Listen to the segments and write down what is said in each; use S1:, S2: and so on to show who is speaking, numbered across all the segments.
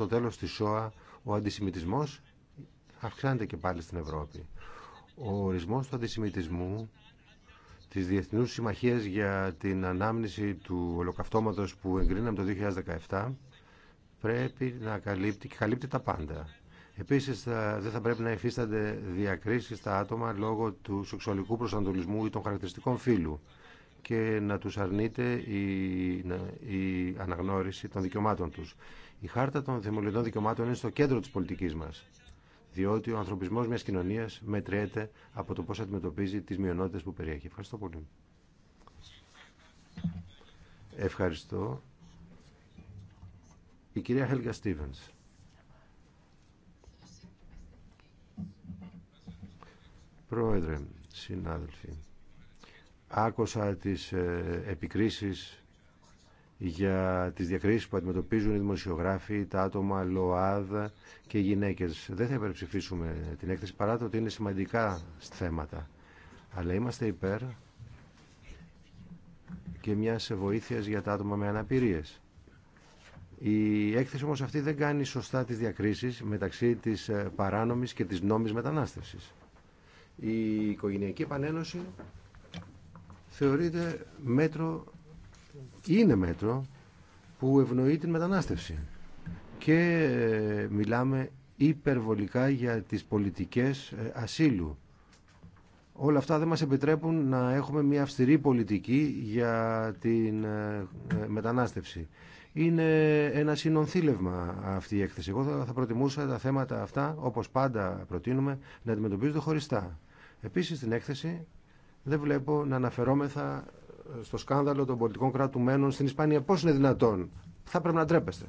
S1: το τέλος της ΣΟΑ ο αντισημιτισμός αυξάνεται και πάλι στην Ευρώπη. Ο ορισμός του αντισημιτισμού της Διεθνούς Συμμαχίας για την ανάμνηση του ολοκαυτώματος που εγκρίναμε το 2017 πρέπει να καλύπτει και καλύπτει τα πάντα. Επίσης δεν θα πρέπει να υφίστανται διακρίσεις στα άτομα λόγω του σεξουαλικού προσανατολισμού ή των χαρακτηριστικών φύλου και να τους αρνείται η, αναγνώριση των δικαιωμάτων τους. Η χάρτα των θεμελιωδών δικαιωμάτων είναι στο κέντρο της πολιτικής μας, διότι ο ανθρωπισμός μιας κοινωνίας μετριέται από το πώς αντιμετωπίζει τις μειονότητες που περιέχει. Ευχαριστώ πολύ. Ευχαριστώ. Η κυρία Χέλγα Στίβενς. Πρόεδρε, συνάδελφοι, Άκουσα τις ε, επικρίσεις για τις διακρίσεις που αντιμετωπίζουν οι δημοσιογράφοι, τα άτομα ΛΟΑΔ και οι γυναίκες. Δεν θα υπερψηφίσουμε την έκθεση παρά το ότι είναι σημαντικά θέματα. Αλλά είμαστε υπέρ και μια βοήθειας για τα άτομα με αναπηρίες. Η έκθεση όμως αυτή δεν κάνει σωστά τις διακρίσεις μεταξύ της ε, παράνομης και της νόμης μετανάστευσης. Η οικογενειακή επανένωση θεωρείται μέτρο, είναι μέτρο που ευνοεί την μετανάστευση. Και ε, μιλάμε υπερβολικά για τις πολιτικές ε, ασύλου. Όλα αυτά δεν μας επιτρέπουν να έχουμε μια αυστηρή πολιτική για την ε, μετανάστευση. Είναι ένα συνονθήλευμα αυτή η έκθεση. Εγώ θα προτιμούσα τα θέματα αυτά, όπως πάντα προτείνουμε, να αντιμετωπίζονται χωριστά. Επίσης στην έκθεση δεν βλέπω να αναφερόμεθα ε, στο σκάνδαλο των πολιτικών κρατουμένων στην Ισπανία. Πώς είναι δυνατόν. Θα πρέπει να ντρέπεστε.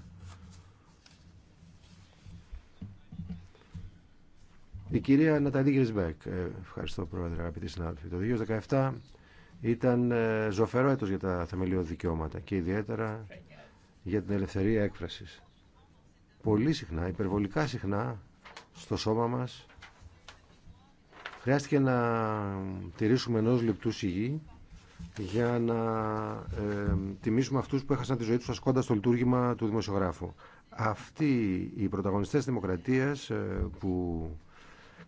S1: Η κυρία Ναταλή Γκρισμπέκ. Ε, ευχαριστώ, Πρόεδρε, αγαπητοί συνάδελφοι. Το 2017 ήταν ε, ζωφερό έτος για τα θεμελιώδη δικαιώματα και ιδιαίτερα για την ελευθερία έκφρασης. Πολύ συχνά, υπερβολικά συχνά, στο σώμα μας Χρειάστηκε να τηρήσουμε ενό λεπτού σιγή για να ε, τιμήσουμε αυτούς που έχασαν τη ζωή τους ασκώντας το λειτουργήμα του δημοσιογράφου. Αυτοί οι πρωταγωνιστές δημοκρατίας ε, που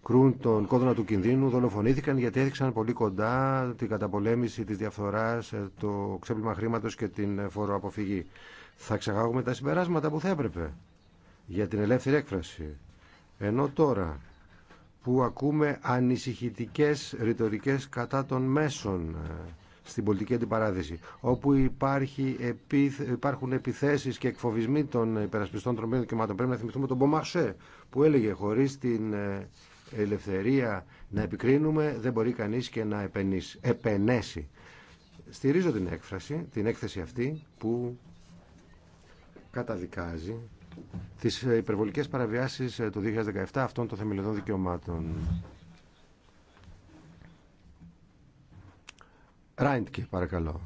S1: κρούν τον κόδωνα του κινδύνου δολοφονήθηκαν γιατί έδειξαν πολύ κοντά την καταπολέμηση της διαφθοράς, ε, το ξέπλυμα χρήματος και την φοροαποφυγή. Θα ξεχάγουμε τα συμπεράσματα που θα έπρεπε για την ελεύθερη έκφραση. Ενώ τώρα που ακούμε ανησυχητικές ρητορικέ κατά των μέσων ε, στην πολιτική αντιπαράθεση, όπου υπάρχει, υπάρχουν επιθέσεις και εκφοβισμοί των υπερασπιστών των δικαιωμάτων. Πρέπει να θυμηθούμε τον Μπομαρσέ που έλεγε χωρίς την ε, ελευθερία να επικρίνουμε δεν μπορεί κανείς και να επενέσει. Στηρίζω την έκφραση, την έκθεση αυτή που καταδικάζει τις ε, υπερβολικές παραβιάσεις ε, του 2017 αυτών των θεμελιωδών δικαιωμάτων. Ράιντκε, παρακαλώ.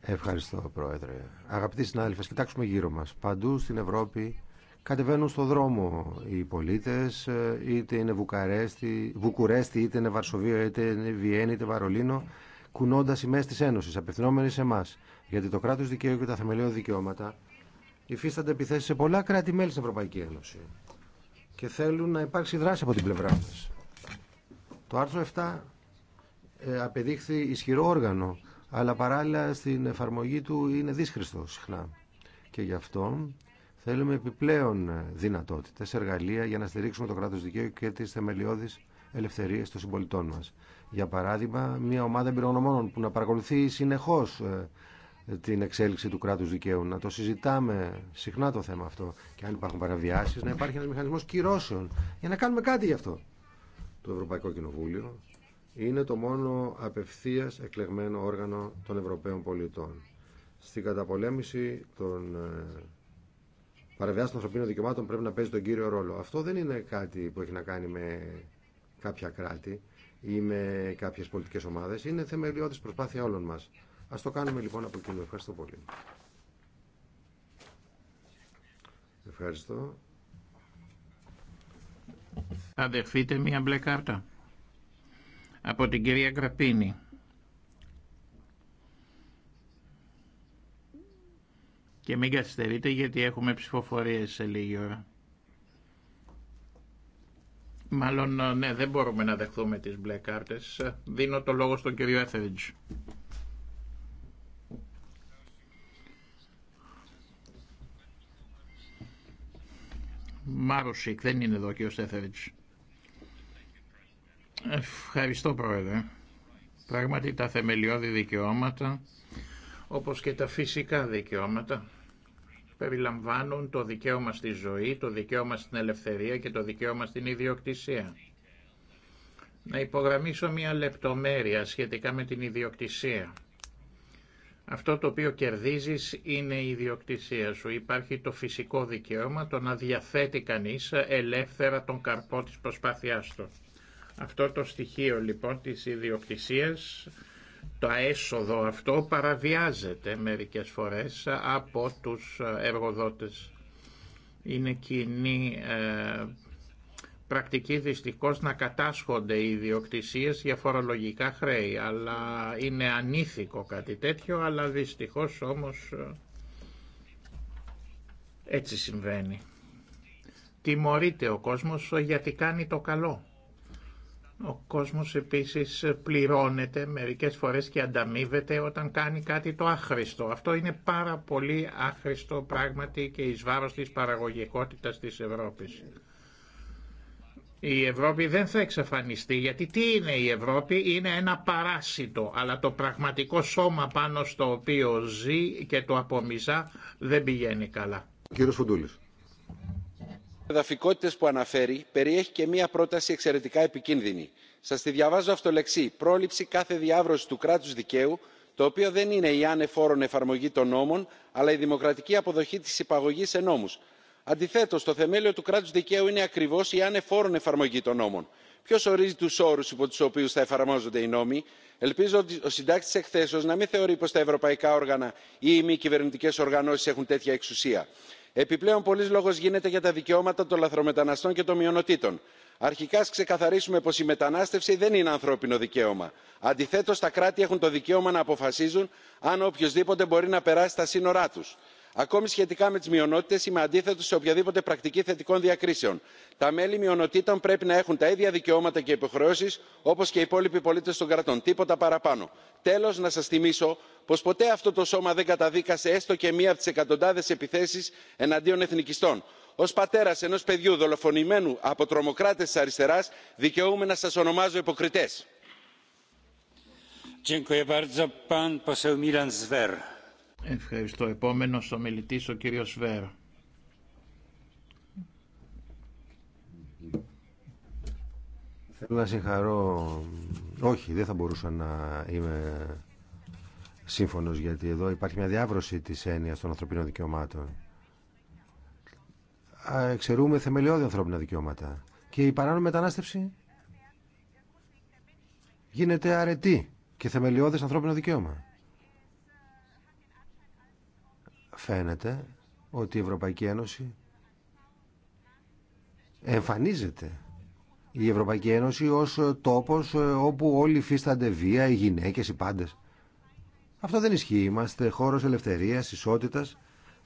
S1: Ευχαριστώ, Πρόεδρε. Αγαπητοί συνάδελφοι, κοιτάξουμε γύρω μας. Παντού στην Ευρώπη κατεβαίνουν στο δρόμο οι πολίτες, ε, είτε είναι Βουκαρέστη, Βουκουρέστη, είτε είναι Βαρσοβία, είτε είναι Βιέννη, είτε Βαρολίνο, κουνώντας οι μέσες της Ένωσης, απευθυνόμενοι σε εμά. Γιατί το κράτος δικαίου και τα θεμελιώδη δικαιώματα Υφίστανται επιθέσει σε πολλά κράτη-μέλη στην Ευρωπαϊκή Ένωση και θέλουν να υπάρξει δράση από την πλευρά μας. Το άρθρο 7 ε, απεδείχθη ισχυρό όργανο, αλλά παράλληλα στην εφαρμογή του είναι δύσχριστο συχνά. Και γι' αυτό θέλουμε επιπλέον δυνατότητες, εργαλεία για να στηρίξουμε το κράτος δικαίου και τις θεμελιώδεις ελευθερίες των συμπολιτών μας. Για παράδειγμα, μια ομάδα εμπειρογνωμόνων που να παρακολουθεί συνεχώς ε, την εξέλιξη του κράτους δικαίου. Να το συζητάμε συχνά το θέμα αυτό. Και αν υπάρχουν παραβιάσεις, να υπάρχει ένας μηχανισμός κυρώσεων για να κάνουμε κάτι γι' αυτό. Το Ευρωπαϊκό Κοινοβούλιο είναι το μόνο απευθείας εκλεγμένο όργανο των Ευρωπαίων πολιτών. Στην καταπολέμηση των ε, παραβιάσεων των ανθρωπίνων δικαιωμάτων πρέπει να παίζει τον κύριο ρόλο. Αυτό δεν είναι κάτι που έχει να κάνει με κάποια κράτη ή με κάποιες πολιτικές ομάδες. Είναι θεμελιώδης προσπάθεια όλων μας. Ας το κάνουμε λοιπόν από κοινού. Ευχαριστώ πολύ. Ευχαριστώ.
S2: Θα δεχθείτε μία μπλε κάρτα από την κυρία Γραπίνη. Και μην καθυστερείτε γιατί έχουμε ψηφοφορίες σε λίγη ώρα. Μάλλον ναι, δεν μπορούμε να δεχθούμε τις μπλε κάρτες. Δίνω το λόγο στον κύριο Έθεριτζ. Μάρουσικ, δεν είναι εδώ και ο Στέθεριτς. Ευχαριστώ Πρόεδρε. Πράγματι τα θεμελιώδη δικαιώματα, όπως και τα φυσικά δικαιώματα, περιλαμβάνουν το δικαίωμα στη ζωή, το δικαίωμα στην ελευθερία και το δικαίωμα στην ιδιοκτησία. Να υπογραμμίσω μια λεπτομέρεια σχετικά με την ιδιοκτησία. Αυτό το οποίο κερδίζεις είναι η ιδιοκτησία σου. Υπάρχει το φυσικό δικαίωμα το να διαθέτει κανείς ελεύθερα τον καρπό της προσπάθειάς του. Αυτό το στοιχείο λοιπόν της ιδιοκτησίας, το έσοδο αυτό παραβιάζεται μερικές φορές από τους εργοδότες. Είναι κοινή ε, πρακτική δυστυχώς να κατάσχονται οι ιδιοκτησίες για φορολογικά χρέη, αλλά είναι ανήθικο κάτι τέτοιο, αλλά δυστυχώς όμως ε, έτσι συμβαίνει. Τιμωρείται ο κόσμος γιατί κάνει το καλό. Ο κόσμος επίσης πληρώνεται μερικές φορές και ανταμείβεται όταν κάνει κάτι το άχρηστο. Αυτό είναι πάρα πολύ άχρηστο πράγματι και εις βάρος της παραγωγικότητας της Ευρώπης. Η Ευρώπη δεν θα εξαφανιστεί, γιατί τι είναι η Ευρώπη, είναι ένα παράσιτο, αλλά το πραγματικό σώμα πάνω στο οποίο ζει και το απομιζά δεν πηγαίνει καλά.
S1: Κύριος Φουντούλης.
S3: Εδαφικότητες που αναφέρει περιέχει και μία πρόταση εξαιρετικά επικίνδυνη. Σας τη διαβάζω αυτολεξή. Πρόληψη κάθε διάβρωση του κράτους δικαίου, το οποίο δεν είναι η άνεφορον εφαρμογή των νόμων, αλλά η δημοκρατική αποδοχή της υπαγωγής σε νόμους αντιθέτω το θεμέλιο του κράτου δικαίου είναι ακριβώ η ανεφόρον εφαρμογή των νόμων. ποιο ορίζει του όρου υπό του οποίου θα εφαρμόζονται οι νόμοι; ελπίζω ο συντάκτη εκθέσεως να μην θεωρεί πω τα ευρωπαϊκά όργανα ή οι μη κυβερνητικέ οργανώσει έχουν τέτοια εξουσία. επιπλέον πολλή λόγο γίνεται για τα δικαιώματα των λαθρομεταναστών και των μειονοτήτων. αρχικά α ξεκαθαρίσουμε πω η μετανάστευση δεν είναι ανθρώπινο δικαίωμα. αντιθέτω τα κράτη έχουν το δικαίωμα να αποφασίζουν αν οποιοδήποτε μπορεί να περάσει τα σύνορά του ακόμη σχετικά με τι μειονότητε είμαι αντίθετο σε οποιαδήποτε πρακτική θετικών διακρίσεων. τα μέλη μειονοτήτων πρέπει να έχουν τα ίδια δικαιώματα και υποχρεώσει όπω και οι υπόλοιποι πολίτε των κρατών τίποτα παραπάνω. τέλο να σα θυμίσω πω ποτέ αυτό το σώμα δεν καταδίκασε έστω και μία από τι εκατοντάδε επιθέσει εναντίον εθνικιστών. ω πατέρα ενό παιδιού δολοφονημένου από τρομοκράτε τη αριστερά δικαιούμαι να σα ονομάζω
S1: υποκριτέ.
S2: Ευχαριστώ. Επόμενος ο μιλητής ο κύριος Βέρα.
S1: Θέλω να συγχαρώ... Όχι, δεν θα μπορούσα να είμαι σύμφωνος γιατί εδώ υπάρχει μια διάβρωση της έννοιας των ανθρωπίνων δικαιωμάτων. Εξαιρούμε θεμελιώδη ανθρώπινα δικαιώματα. Και η παράνομη μετανάστευση γίνεται αρετή και θεμελιώδες ανθρώπινο δικαίωμα. φαίνεται ότι η Ευρωπαϊκή Ένωση εμφανίζεται η Ευρωπαϊκή Ένωση ως τόπος όπου όλοι φύστανται βία, οι γυναίκες, οι πάντες. Αυτό δεν ισχύει. Είμαστε χώρος ελευθερίας, ισότητας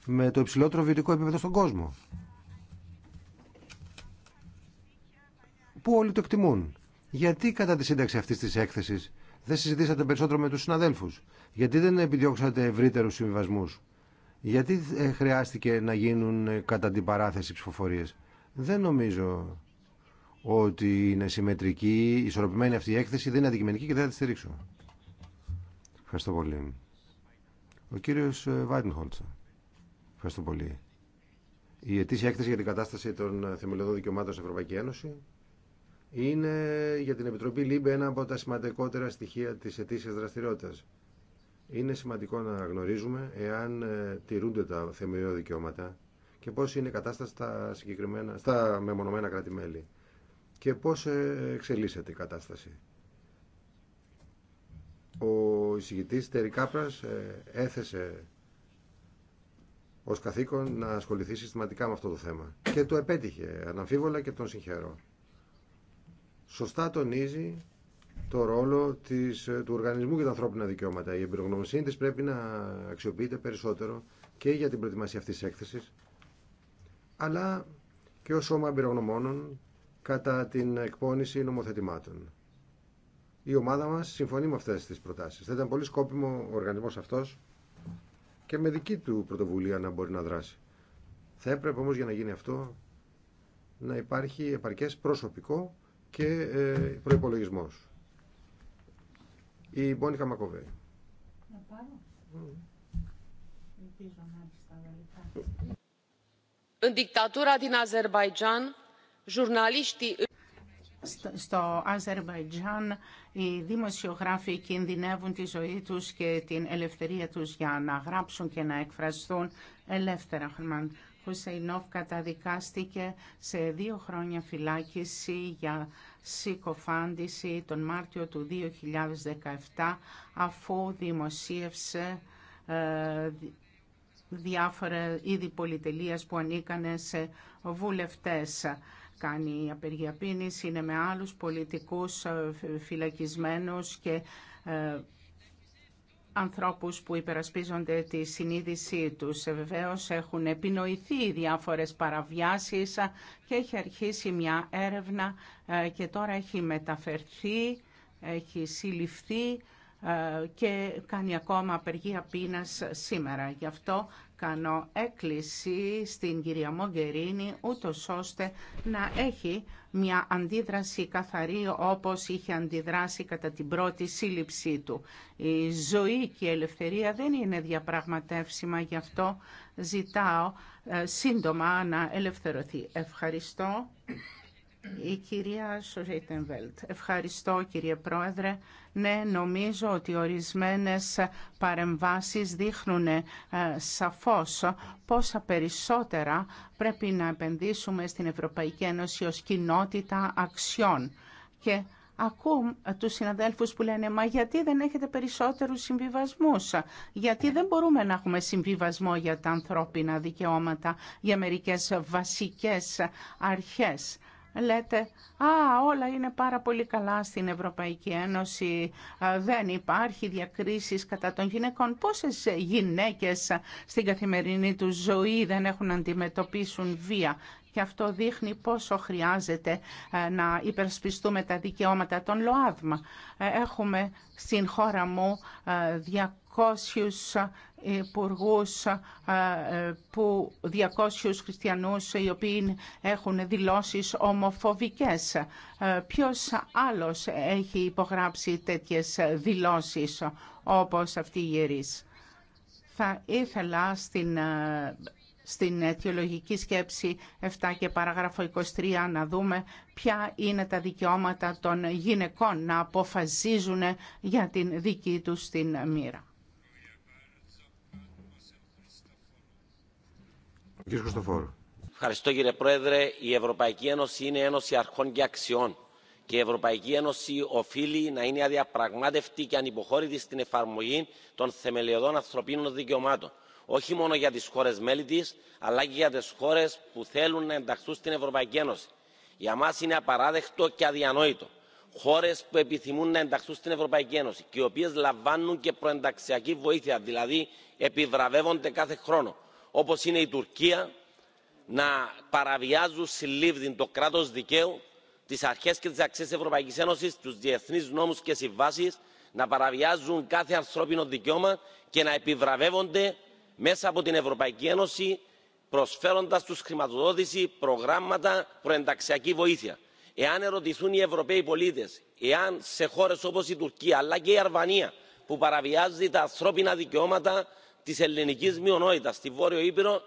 S1: με το υψηλότερο βιωτικό επίπεδο στον κόσμο. Που όλοι το εκτιμούν. Γιατί κατά τη σύνταξη αυτή τη έκθεση δεν συζητήσατε περισσότερο με του συναδέλφου, Γιατί δεν επιδιώξατε ευρύτερου συμβιβασμού, γιατί ε, χρειάστηκε να γίνουν ε, κατά την παράθεση ψηφοφορίες. Δεν νομίζω ότι είναι συμμετρική, ισορροπημένη αυτή η έκθεση, δεν είναι αντικειμενική και δεν θα τη στηρίξω. Ευχαριστώ πολύ. Ο κύριος Βάιντενχολτσα. Ευχαριστώ πολύ. Η ετήσια έκθεση για την κατάσταση των ε, θεμελιωδών δικαιωμάτων στην Ευρωπαϊκή Ένωση είναι για την Επιτροπή ΛΥΜΠΕ ένα από τα σημαντικότερα στοιχεία της ετήσιας δραστηριότητας. Είναι σημαντικό να γνωρίζουμε εάν ε, τηρούνται τα θεμελιώδη δικαιώματα και πώς είναι η κατάσταση στα, συγκεκριμένα, στα μεμονωμένα κράτη-μέλη και πώς ε, εξελίσσεται η κατάσταση. Ο εισηγητής Τερικάπρας ε, έθεσε ως καθήκον να ασχοληθεί συστηματικά με αυτό το θέμα και το επέτυχε αναμφίβολα και τον συγχαίρω. Σωστά τονίζει το ρόλο της, ε, του Οργανισμού για τα Ανθρώπινα Δικαιώματα. Η εμπειρογνωμοσύνη της πρέπει να αξιοποιείται περισσότερο και για την προετοιμασία αυτής της έκθεσης, αλλά και ως σώμα εμπειρογνωμόνων κατά την εκπόνηση νομοθετημάτων. Η ομάδα μας συμφωνεί με αυτές τις προτάσεις. Θα ήταν πολύ σκόπιμο ο οργανισμός αυτός και με δική του πρωτοβουλία να μπορεί να δράσει. Θα έπρεπε όμως για να γίνει αυτό να υπάρχει επαρκές προσωπικό και ε, προϋπολογισμός. Η Μπόνικα Μακοβέη.
S4: Να πάρω. Mm. στο Αζερβαϊτζάν οι δημοσιογράφοι κινδυνεύουν τη ζωή τους και την ελευθερία τους για να γράψουν και να εκφραστούν ελεύθερα. Χουσεϊνόφ καταδικάστηκε σε δύο χρόνια φυλάκιση για συκοφάντηση τον Μάρτιο του 2017 αφού δημοσίευσε ε, διάφορα είδη πολυτελείας που ανήκανε σε βουλευτές. Κάνει απεργία είναι με άλλους πολιτικούς ε, φυλακισμένους και ε, ανθρώπους που υπερασπίζονται τη συνείδησή τους. Ε, Βεβαίω έχουν επινοηθεί οι διάφορες παραβιάσεις και έχει αρχίσει μια έρευνα ε, και τώρα έχει μεταφερθεί, έχει συλληφθεί ε, και κάνει ακόμα απεργία πείνας σήμερα. Γι' αυτό κάνω έκκληση στην κυρία Μογκερίνη ούτω ώστε να έχει μια αντίδραση καθαρή όπως είχε αντιδράσει κατά την πρώτη σύλληψή του. Η ζωή και η ελευθερία δεν είναι διαπραγματεύσιμα, γι' αυτό ζητάω ε, σύντομα να ελευθερωθεί. Ευχαριστώ. Η κυρία Σοζίτενβελτ. Ευχαριστώ κύριε Πρόεδρε. Ναι, νομίζω ότι ορισμένες παρεμβάσεις δείχνουν ε, σαφώς πόσα περισσότερα πρέπει να επενδύσουμε στην Ευρωπαϊκή Ένωση ως κοινότητα αξιών. Και ακούω ε, τους συναδέλφους που λένε «Μα γιατί δεν έχετε περισσότερους συμβιβασμούς, γιατί δεν μπορούμε να έχουμε συμβιβασμό για τα ανθρώπινα δικαιώματα, για μερικές βασικές αρχές» λέτε «Α, όλα είναι πάρα πολύ καλά στην Ευρωπαϊκή Ένωση, δεν υπάρχει διακρίσεις κατά των γυναικών». Πόσες γυναίκες στην καθημερινή του ζωή δεν έχουν να αντιμετωπίσουν βία και αυτό δείχνει πόσο χρειάζεται ε, να υπερσπιστούμε τα δικαιώματα των ΛΟΑΔΜΑ. Ε, έχουμε στην χώρα μου 200 ε, υπουργού ε, που 200 χριστιανούς οι οποίοι έχουν δηλώσεις ομοφοβικές. Ε, ποιος άλλος έχει υπογράψει τέτοιες δηλώσεις όπως αυτή η Θα ήθελα στην ε, στην αιτιολογική σκέψη 7 και παράγραφο 23 να δούμε ποια είναι τα δικαιώματα των γυναικών να αποφασίζουν για την δική τους την μοίρα.
S5: Ευχαριστώ κύριε Πρόεδρε. Η Ευρωπαϊκή Ένωση είναι ένωση αρχών και αξιών και η Ευρωπαϊκή Ένωση οφείλει να είναι αδιαπραγμάτευτη και ανυποχώρητη στην εφαρμογή των θεμελιωδών ανθρωπίνων δικαιωμάτων. Όχι μόνο για τι χώρε μέλη τη, αλλά και για τι χώρε που θέλουν να ενταχθούν στην Ευρωπαϊκή Ένωση. Για μα είναι απαράδεκτο και αδιανόητο χώρε που επιθυμούν να ενταχθούν στην Ευρωπαϊκή Ένωση και οι οποίε λαμβάνουν και προενταξιακή βοήθεια, δηλαδή επιβραβεύονται κάθε χρόνο, όπως είναι η τουρκία να παραβιάζουν συλλήφθη το κράτος δικαίου τις αρχές και τις αξίες της ευρωπαϊκής ένωσης τους διεθνείς νόμους και συμβάσεις να παραβιάζουν κάθε ανθρώπινο δικαίωμα και να επιβραβεύονται μέσα από την ευρωπαϊκή ένωση προσφέροντας τους χρηματοδότηση προγράμματα προενταξιακή βοήθεια. εάν ερωτηθούν οι ευρωπαίοι πολίτες εάν σε χώρες όπως η τουρκία αλλά και η Αρβανία που παραβιάζει τα ανθρώπινα δικαιώματα της ελληνικής μειονότητας στη Βόρειο Ήπειρο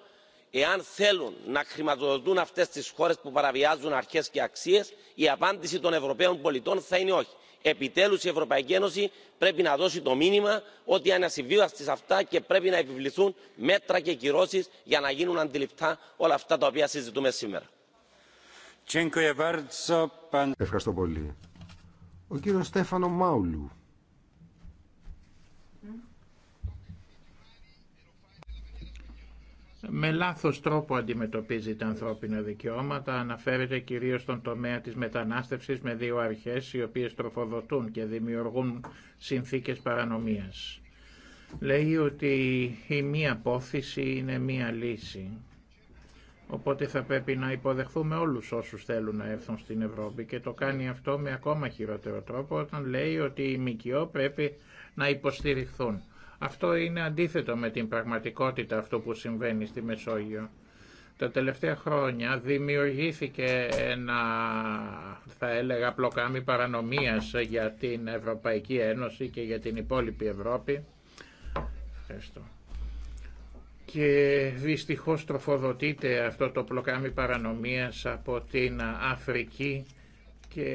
S5: εάν θέλουν να χρηματοδοτούν αυτές τις χώρες που παραβιάζουν αρχές και αξίες η απάντηση των Ευρωπαίων πολιτών θα είναι όχι. Επιτέλους η Ευρωπαϊκή Ένωση πρέπει να δώσει το μήνυμα ότι είναι ασυμβίβαστη σε αυτά και πρέπει να επιβληθούν μέτρα και κυρώσεις για να γίνουν αντιληπτά όλα αυτά τα οποία συζητούμε σήμερα.
S1: Ευχαριστώ πολύ. Ο κύριος Στέφανο Μάουλου.
S2: με λάθος τρόπο αντιμετωπίζει τα ανθρώπινα δικαιώματα, αναφέρεται κυρίως στον τομέα της μετανάστευσης με δύο αρχές οι οποίες τροφοδοτούν και δημιουργούν συνθήκες παρανομίας. Λέει ότι η μία πόθηση είναι μία λύση. Οπότε θα πρέπει να υποδεχθούμε όλους όσους θέλουν να έρθουν στην Ευρώπη και το κάνει αυτό με ακόμα χειρότερο τρόπο όταν λέει ότι οι ΜΚΟ πρέπει να υποστηριχθούν. Αυτό είναι αντίθετο με την πραγματικότητα αυτό που συμβαίνει στη Μεσόγειο. Τα τελευταία χρόνια δημιουργήθηκε ένα, θα έλεγα, πλοκάμι παρανομίας για την Ευρωπαϊκή Ένωση και για την υπόλοιπη Ευρώπη. Ευχαριστώ. Και δυστυχώς τροφοδοτείται αυτό το πλοκάμι παρανομίας από την Αφρική και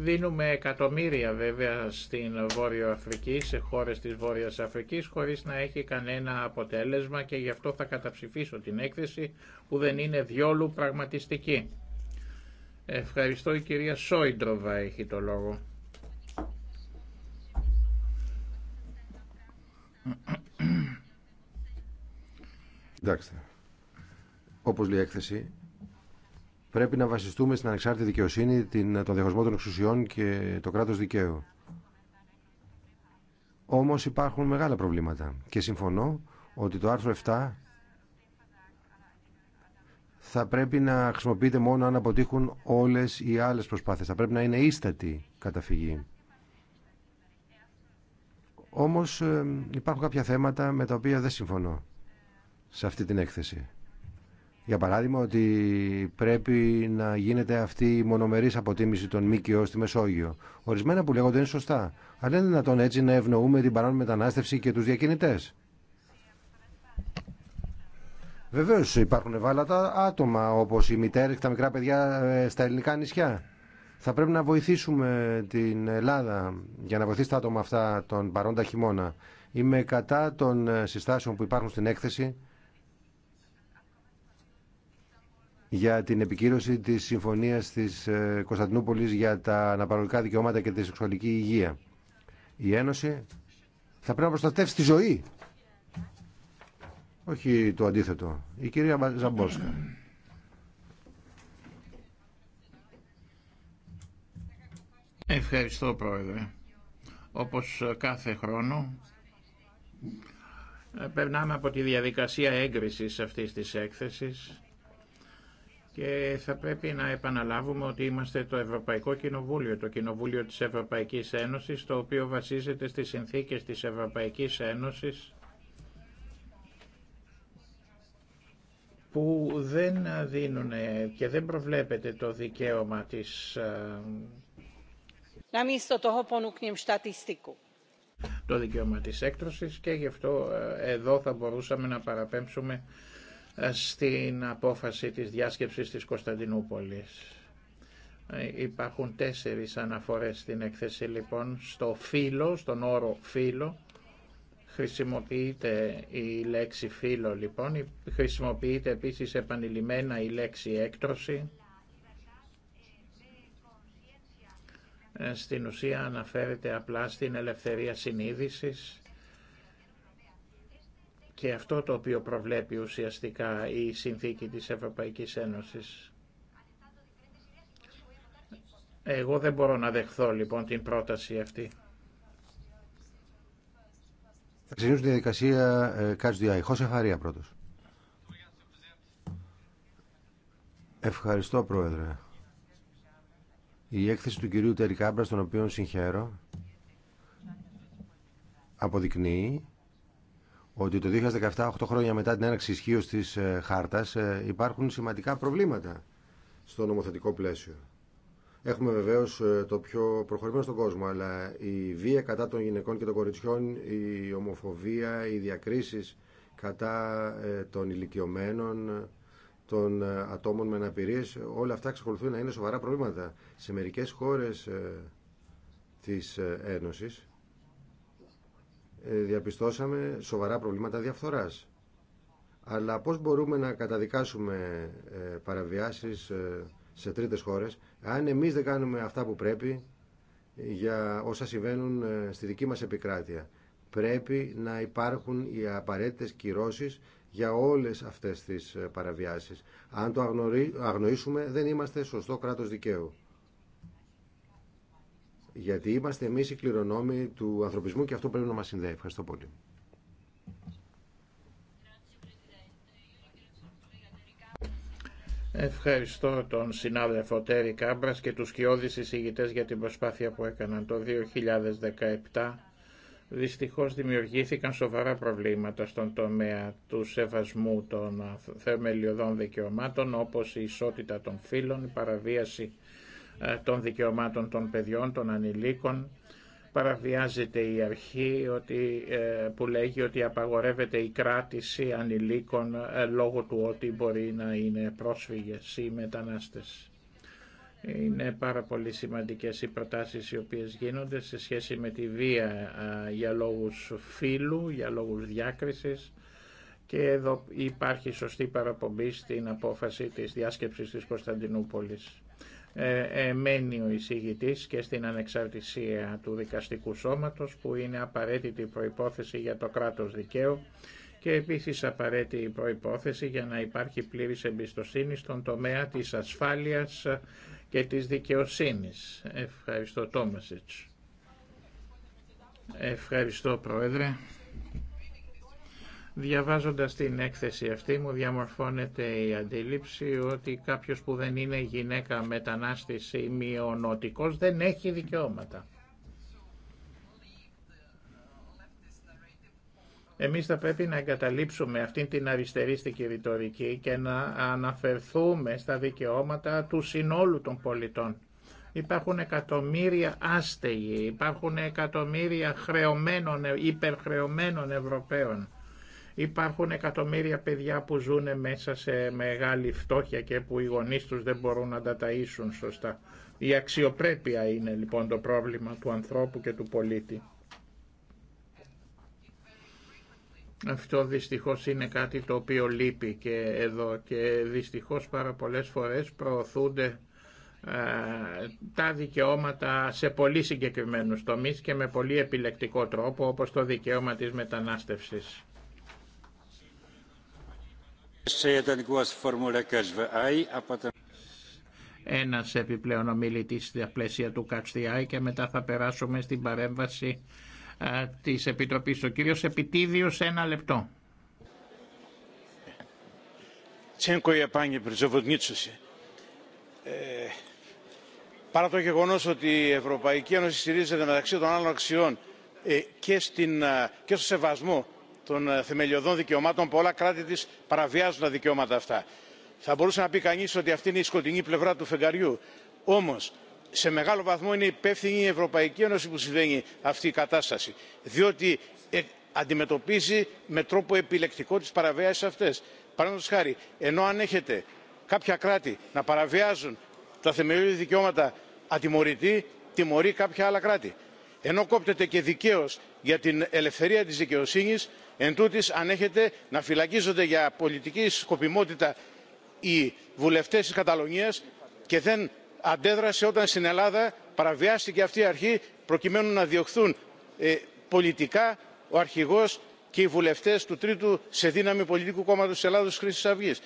S2: Δίνουμε εκατομμύρια βέβαια στην Βόρειο Αφρική, σε χώρες της Βόρειας Αφρικής, χωρίς να έχει κανένα αποτέλεσμα και γι' αυτό θα καταψηφίσω την έκθεση που δεν είναι διόλου πραγματιστική. Ευχαριστώ η κυρία Σόιντροβα έχει το λόγο.
S1: Εντάξει. όπως λέει η έκθεση, Πρέπει να βασιστούμε στην ανεξάρτητη δικαιοσύνη, την, τον διαχωρισμό των εξουσιών και το κράτος δικαίου. Όμως υπάρχουν μεγάλα προβλήματα και συμφωνώ ότι το άρθρο 7 θα πρέπει να χρησιμοποιείται μόνο αν αποτύχουν όλες οι άλλες προσπάθειες. Θα πρέπει να είναι ίστατη καταφυγή. Όμως ε, υπάρχουν κάποια θέματα με τα οποία δεν συμφωνώ σε αυτή την έκθεση. Για παράδειγμα ότι πρέπει να γίνεται αυτή η μονομερής αποτίμηση των ΜΚΟ στη Μεσόγειο. Ορισμένα που λέγονται είναι σωστά. Αλλά είναι δυνατόν έτσι να ευνοούμε την παρόν μετανάστευση και τους διακινητές. Βεβαίω υπάρχουν ευάλωτα άτομα όπως οι μητέρε και τα μικρά παιδιά ε, στα ελληνικά νησιά. Θα πρέπει να βοηθήσουμε την Ελλάδα για να βοηθήσει τα άτομα αυτά τον παρόντα χειμώνα. Είμαι κατά των ε, συστάσεων που υπάρχουν στην έκθεση για την επικύρωση τη συμφωνίας της ε, Κωνσταντινούπολη για τα αναπαραγωγικά δικαιώματα και τη σεξουαλική υγεία. Η Ένωση θα πρέπει να προστατεύσει τη ζωή. Όχι το αντίθετο. Η κυρία Ζαμπόσκα.
S2: Ευχαριστώ Πρόεδρε. Όπως κάθε χρόνο ε, περνάμε από τη διαδικασία έγκρισης αυτής της έκθεσης και θα πρέπει να επαναλάβουμε ότι είμαστε το Ευρωπαϊκό Κοινοβούλιο, το Κοινοβούλιο της Ευρωπαϊκής Ένωσης, το οποίο βασίζεται στις συνθήκες της Ευρωπαϊκής Ένωσης που δεν δίνουν και δεν προβλέπεται το δικαίωμα της ε, το δικαίωμα της έκτρωσης και γι' αυτό ε, εδώ θα μπορούσαμε να παραπέμψουμε στην απόφαση της διάσκεψης της Κωνσταντινούπολης. Ε, υπάρχουν τέσσερις αναφορές στην έκθεση λοιπόν στο φύλλο, στον όρο φύλλο. Χρησιμοποιείται η λέξη φύλλο λοιπόν, χρησιμοποιείται επίσης επανειλημμένα η λέξη έκτρωση. Ε, στην ουσία αναφέρεται απλά στην ελευθερία συνείδησης και αυτό το οποίο προβλέπει ουσιαστικά η συνθήκη της Ευρωπαϊκής Ένωσης. Εγώ δεν μπορώ να δεχθώ λοιπόν την πρόταση αυτή.
S1: Θα ξεκινήσω τη διαδικασία ε, Χώσε Φαρία πρώτος. Ευχαριστώ Πρόεδρε. Η έκθεση του κυρίου Τερικάμπρα, στον οποίο συγχαίρω, αποδεικνύει ότι το 2017, 8 χρόνια μετά την έναρξη ισχύω τη ε, χάρτα, ε, υπάρχουν σημαντικά προβλήματα στο νομοθετικό πλαίσιο. Έχουμε βεβαίω ε, το πιο προχωρημένο στον κόσμο, αλλά η βία κατά των γυναικών και των κοριτσιών, η ομοφοβία, οι διακρίσει κατά των ηλικιωμένων, των ατόμων με αναπηρίε, όλα αυτά εξακολουθούν να είναι σοβαρά προβλήματα. Σε μερικέ χώρε τη Ένωση, ε, διαπιστώσαμε σοβαρά προβλήματα διαφθοράς. Αλλά πώς μπορούμε να καταδικάσουμε ε, παραβιάσεις ε, σε τρίτες χώρες αν εμείς δεν κάνουμε αυτά που πρέπει για όσα συμβαίνουν στη δική μας επικράτεια. Πρέπει να υπάρχουν οι απαραίτητες κυρώσεις για όλες αυτές τις παραβιάσεις. Αν το αγνοήσουμε δεν είμαστε σωστό κράτος δικαίου γιατί είμαστε εμεί οι κληρονόμοι του ανθρωπισμού και αυτό πρέπει να μας συνδέει. Ευχαριστώ πολύ.
S2: Ευχαριστώ τον συνάδελφο Τέρι Κάμπρας και τους κοιόδης εισηγητές για την προσπάθεια που έκαναν το 2017. Δυστυχώς δημιουργήθηκαν σοβαρά προβλήματα στον τομέα του σεβασμού των θεμελιωδών δικαιωμάτων όπως η ισότητα των φύλων, η παραβίαση ε, των δικαιωμάτων των παιδιών, των ανηλίκων. Παραβιάζεται η αρχή ότι, ε, που λέγει ότι απαγορεύεται η κράτηση ανηλίκων ε, λόγω του ότι μπορεί να είναι πρόσφυγες ή μετανάστες. Είναι πάρα πολύ σημαντικές οι προτάσεις οι οποίες γίνονται σε σχέση με τη βία για λόγους φύλου, για λόγους διάκρισης και εδώ υπάρχει σωστή παραπομπή στην απόφαση της διάσκεψης της Κωνσταντινούπολης. Ε, ε, μένει ο εισηγητής και στην ανεξαρτησία του δικαστικού σώματος που είναι απαραίτητη προϋπόθεση για το κράτος δικαίου και επίσης απαραίτητη προϋπόθεση για να υπάρχει πλήρης εμπιστοσύνη στον τομέα της ασφάλειας και της δικαιοσύνης. Ευχαριστώ Τόμασιτς. Ευχαριστώ Πρόεδρε. Διαβάζοντας την έκθεση αυτή μου διαμορφώνεται η αντίληψη ότι κάποιος που δεν είναι γυναίκα μετανάστης ή μειονοτικός δεν έχει δικαιώματα. Εμείς θα πρέπει να εγκαταλείψουμε αυτή την αριστερίστικη ρητορική και να αναφερθούμε στα δικαιώματα του συνόλου των πολιτών. Υπάρχουν εκατομμύρια άστεγοι, υπάρχουν εκατομμύρια χρεωμένων, υπερχρεωμένων Ευρωπαίων Υπάρχουν εκατομμύρια παιδιά που ζουν μέσα σε μεγάλη φτώχεια και που οι γονείς τους δεν μπορούν να τα ταΐσουν σωστά. Η αξιοπρέπεια είναι λοιπόν το πρόβλημα του ανθρώπου και του πολίτη. Αυτό δυστυχώς είναι κάτι το οποίο λείπει και εδώ και δυστυχώς πάρα πολλές φορές προωθούνται ε, τα δικαιώματα σε πολύ συγκεκριμένους τομείς και με πολύ επιλεκτικό τρόπο όπως το δικαίωμα της μετανάστευσης. Ένα επιπλέον ομιλητή στα πλαίσια του ΚΑΤΣΤΙΑΙ και μετά θα περάσουμε στην παρέμβαση της Επιτροπής. Ο κύριο Επιτίδιος, ένα λεπτό.
S6: Ε, παρά το γεγονός ότι η Ευρωπαϊκή Ένωση στηρίζεται μεταξύ των άλλων αξιών ε, και, στην, ε, και στο σεβασμό των ε, θεμελιωδών δικαιωμάτων πολλά κράτη της παραβιάζουν τα δικαιώματα αυτά. θα μπορούσε να πει κανείς ότι αυτή είναι η σκοτεινή πλευρά του φεγγαριού όμως σε μεγάλο βαθμό είναι υπεύθυνη η ευρωπαϊκή ένωση που συμβαίνει αυτή η κατάσταση διότι ε, αντιμετωπίζει με τρόπο επιλεκτικό τις παραβιάσεις αυτές. παραδείγματος χάρη ενώ έχετε κάποια κράτη να παραβιάζουν τα θεμελιώδη δικαιώματα ατιμωρητή τιμωρεί κάποια άλλα κράτη. ενώ κόπτεται και δικαίως για την ελευθερία τη δικαιοσύνης Εν τούτης, ανέχεται να φυλακίζονται για πολιτική σκοπιμότητα οι βουλευτές της Καταλωνίας και δεν αντέδρασε όταν στην Ελλάδα παραβιάστηκε αυτή η αρχή προκειμένου να διωχθούν ε, πολιτικά ο αρχηγός και οι βουλευτές του τρίτου σε δύναμη πολιτικού κόμματος της Ελλάδος της Αυγής.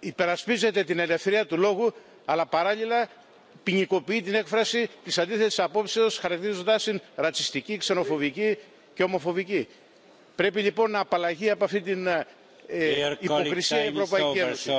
S6: Υπερασπίζεται την ελευθερία του λόγου αλλά παράλληλα ποινικοποιεί την έκφραση της αντίθετης απόψεως χαρακτηρίζοντάς την ρατσιστική, ξενοφοβική και ομοφοβική πρέπει λοιπόν να απαλλαγεί από αυτή την ε, ε, υποκρισία η ευρωπαϊκή ένωση.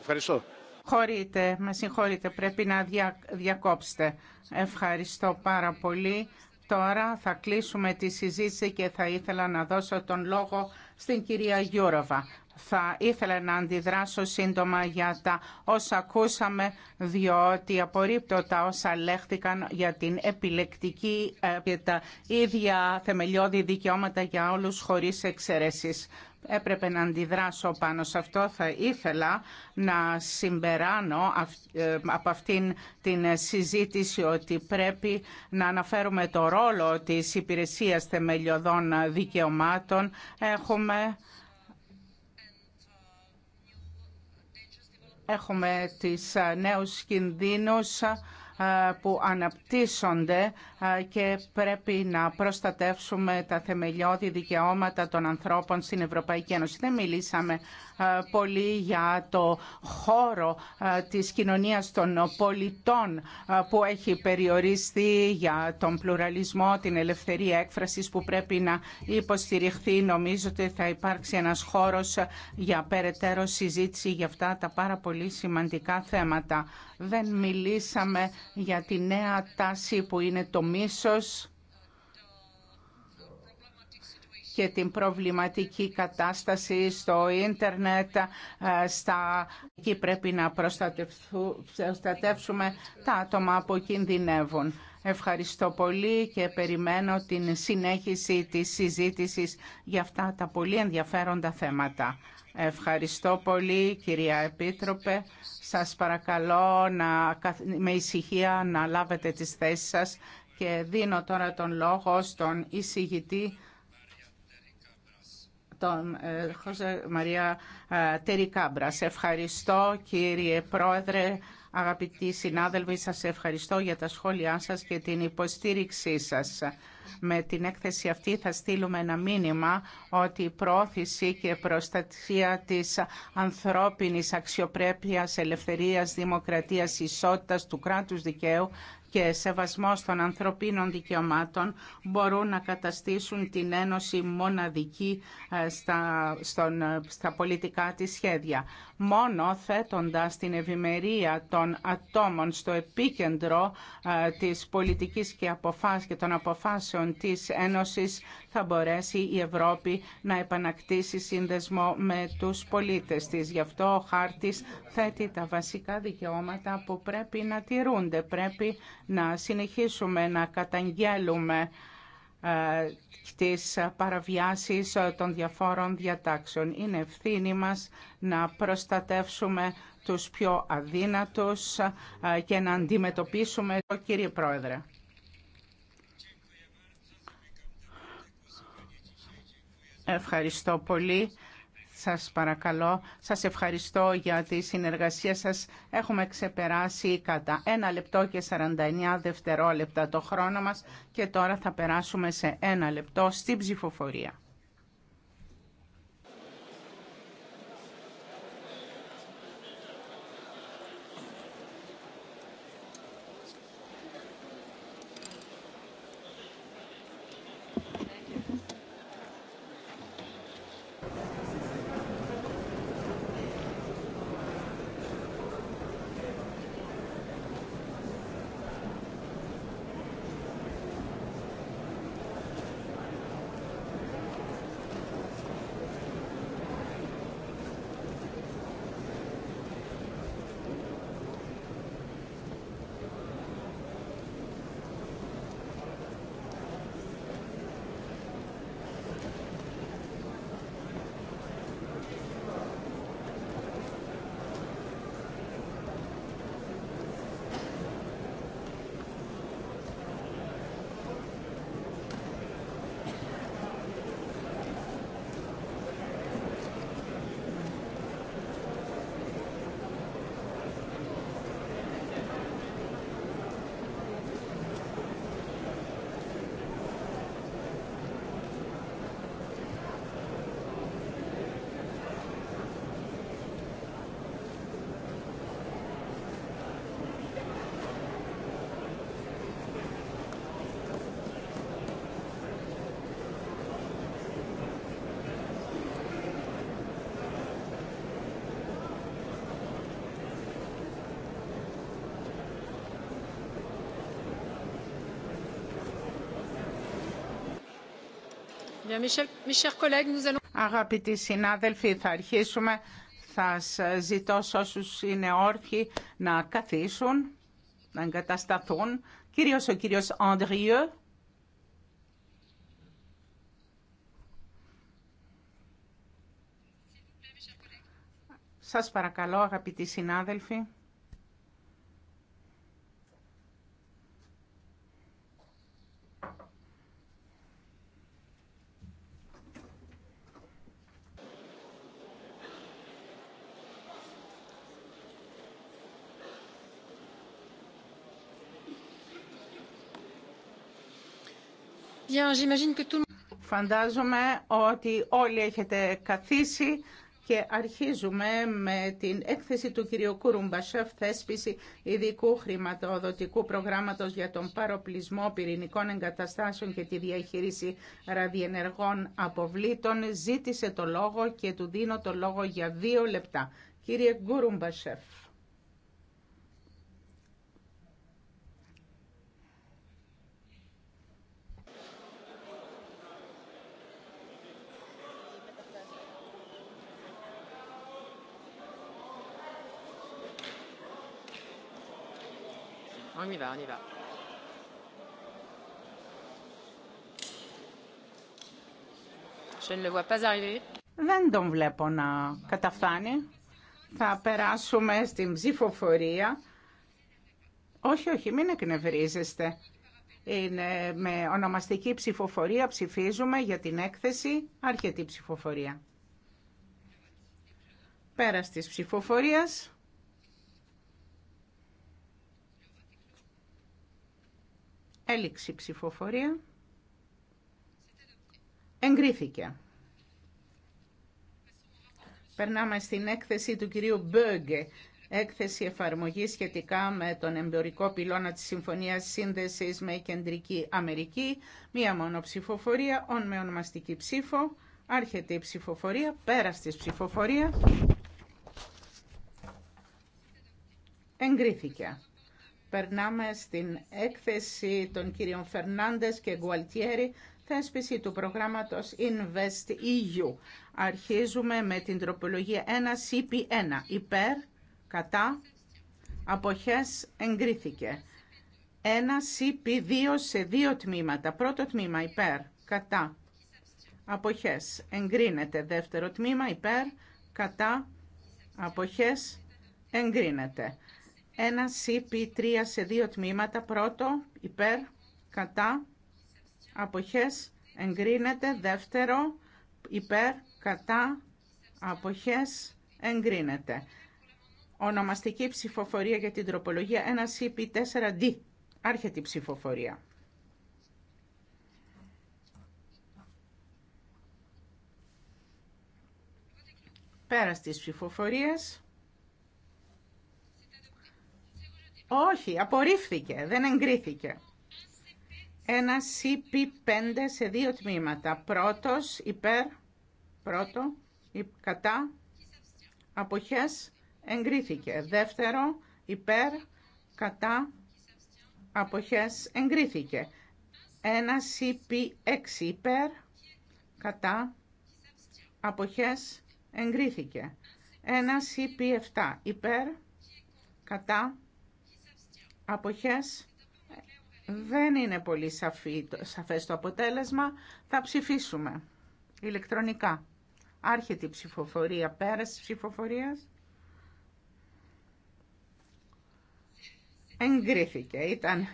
S6: ευχαριστώ.
S4: Χωρείτε, με συγχωρείτε, πρέπει να δια, διακόψετε. Ευχαριστώ πάρα πολύ. Τώρα θα κλείσουμε τη συζήτηση και θα ήθελα να δώσω τον λόγο στην κυρία Γιούροβα θα ήθελα να αντιδράσω σύντομα για τα όσα ακούσαμε, διότι απορρίπτω τα όσα λέχθηκαν για την επιλεκτική, και ε, τα ίδια θεμελιώδη δικαιώματα για όλους χωρίς εξαιρέσεις. Έπρεπε να αντιδράσω πάνω σε αυτό. Θα ήθελα να συμπεράνω ε, από αυτήν την συζήτηση ότι πρέπει να αναφέρουμε το ρόλο της Υπηρεσίας Θεμελιωδών Δικαιωμάτων. Έχουμε έχουμε τις ε, νέους κινδύνους ε, που αναπτύσσονται ε, και πρέπει να προστατεύσουμε τα θεμελιώδη δικαιώματα των ανθρώπων στην Ευρωπαϊκή Ένωση. Δεν μιλήσαμε ε, πολύ για το χώρο ε, της κοινωνίας των πολιτών ε, που έχει περιοριστεί για τον πλουραλισμό, την ελευθερία έκφρασης που πρέπει να υποστηριχθεί. Νομίζω ότι θα υπάρξει ένας χώρος για περαιτέρω συζήτηση για αυτά τα πάρα πολύ σημαντικά θέματα. Δεν μιλήσαμε για τη νέα τάση που είναι το μίσος και την προβληματική κατάσταση στο ίντερνετ. Ε, στα... Εκεί πρέπει να προστατεύσουμε τα άτομα που κινδυνεύουν. Ευχαριστώ πολύ και περιμένω την συνέχιση της συζήτησης για αυτά τα πολύ ενδιαφέροντα θέματα. Ευχαριστώ πολύ κυρία Επίτροπε. Σας παρακαλώ να, με ησυχία να λάβετε τις θέσεις σας και δίνω τώρα τον λόγο στον εισηγητή τον ε, Μαρία ε, Τερικάμπρα. Σε ευχαριστώ κύριε Πρόεδρε, αγαπητοί συνάδελφοι, σας ευχαριστώ για τα σχόλιά σας και την υποστήριξή σας. Με την έκθεση αυτή θα στείλουμε ένα μήνυμα ότι η πρόθεση και προστασία της ανθρώπινης αξιοπρέπειας, ελευθερίας, δημοκρατίας, ισότητας του κράτους δικαίου και σεβασμός των ανθρωπίνων δικαιωμάτων μπορούν να καταστήσουν την Ένωση μοναδική ε, στα, ε, στα πολιτικά της σχέδια μόνο θέτοντας την ευημερία των ατόμων στο επίκεντρο της πολιτικής και, και των αποφάσεων της Ένωσης θα μπορέσει η Ευρώπη να επανακτήσει σύνδεσμο με τους πολίτες της. Γι' αυτό ο χάρτης θέτει τα βασικά δικαιώματα που πρέπει να τηρούνται. Πρέπει να συνεχίσουμε να καταγγέλουμε ε, τις παραβιάσεις των διαφόρων διατάξεων. Είναι ευθύνη μας να προστατεύσουμε τους πιο αδύνατους ε, και να αντιμετωπίσουμε το κύριε Πρόεδρε. Ευχαριστώ πολύ. Σας παρακαλώ, σας ευχαριστώ για τη συνεργασία σας. Έχουμε ξεπεράσει κατά ένα λεπτό και 49 δευτερόλεπτα το χρόνο μας και τώρα θα περάσουμε σε ένα λεπτό στην ψηφοφορία. Αγαπητοί συνάδελφοι, θα αρχίσουμε. Θα ζητώ σε όσους είναι όρθιοι να καθίσουν, να εγκατασταθούν. Κυρίως ο κύριος Ανδριέ. Σας παρακαλώ, αγαπητοί συνάδελφοι. Φαντάζομαι ότι όλοι έχετε καθίσει και αρχίζουμε με την έκθεση του κυρίου Κουρουμπασέφ θέσπιση ειδικού χρηματοδοτικού προγράμματος για τον παροπλισμό πυρηνικών εγκαταστάσεων και τη διαχείριση ραδιενεργών αποβλήτων. Ζήτησε το λόγο και του δίνω το λόγο για δύο λεπτά. Κύριε Κουρουμπασέφ. Δεν τον βλέπω να καταφθάνει. Θα περάσουμε στην ψηφοφορία. Όχι, όχι, μην εκνευρίζεστε. Είναι με ονομαστική ψηφοφορία ψηφίζουμε για την έκθεση αρκετή ψηφοφορία. Πέρα της ψηφοφορίας Έληξη ψηφοφορία. Εγκρίθηκε. Περνάμε στην έκθεση του κυρίου Μπέγκε. Έκθεση εφαρμογή σχετικά με τον εμπειρικό πυλώνα της Συμφωνίας Σύνδεσης με Κεντρική Αμερική. Μία μόνο ψηφοφορία, ον με ονομαστική ψήφο. Άρχεται η ψηφοφορία, πέρα ψηφοφορία, Εγκρίθηκε. Περνάμε στην έκθεση των κυρίων Φερνάντες και Γκουαλτιέρη, θέσπιση του προγράμματος Invest EU. Αρχίζουμε με την τροπολογία 1 CP1. Υπέρ, κατά, αποχές εγκρίθηκε. 1 CP2 σε δύο τμήματα. Πρώτο τμήμα υπέρ, κατά, αποχές εγκρίνεται. Δεύτερο τμήμα υπέρ, κατά, αποχές εγκρίνεται. Ένα CP3 σε δύο τμήματα. Πρώτο, υπέρ, κατά, αποχές, εγκρίνεται. Δεύτερο, υπέρ, κατά, αποχές, εγκρίνεται. Ονομαστική ψηφοφορία για την τροπολογία 1 CP4D. Άρχεται η ψηφοφορία. Πέρα στις ψηφοφορίες Όχι, απορρίφθηκε, δεν εγκρίθηκε. Ένα CP5 σε δύο τμήματα. Πρώτος, υπέρ, πρώτο, κατά, αποχές, εγκρίθηκε. Δεύτερο, υπέρ, κατά, αποχές, εγκρίθηκε. Ένα CP6 υπέρ, κατά, αποχές, εγκρίθηκε. Ένα CP7 υπέρ, κατά, αποχές δεν είναι πολύ σαφή, σαφές το αποτέλεσμα. Θα ψηφίσουμε ηλεκτρονικά. Άρχεται η ψηφοφορία, πέρας της ψηφοφορίας. Εγκρίθηκε, ήταν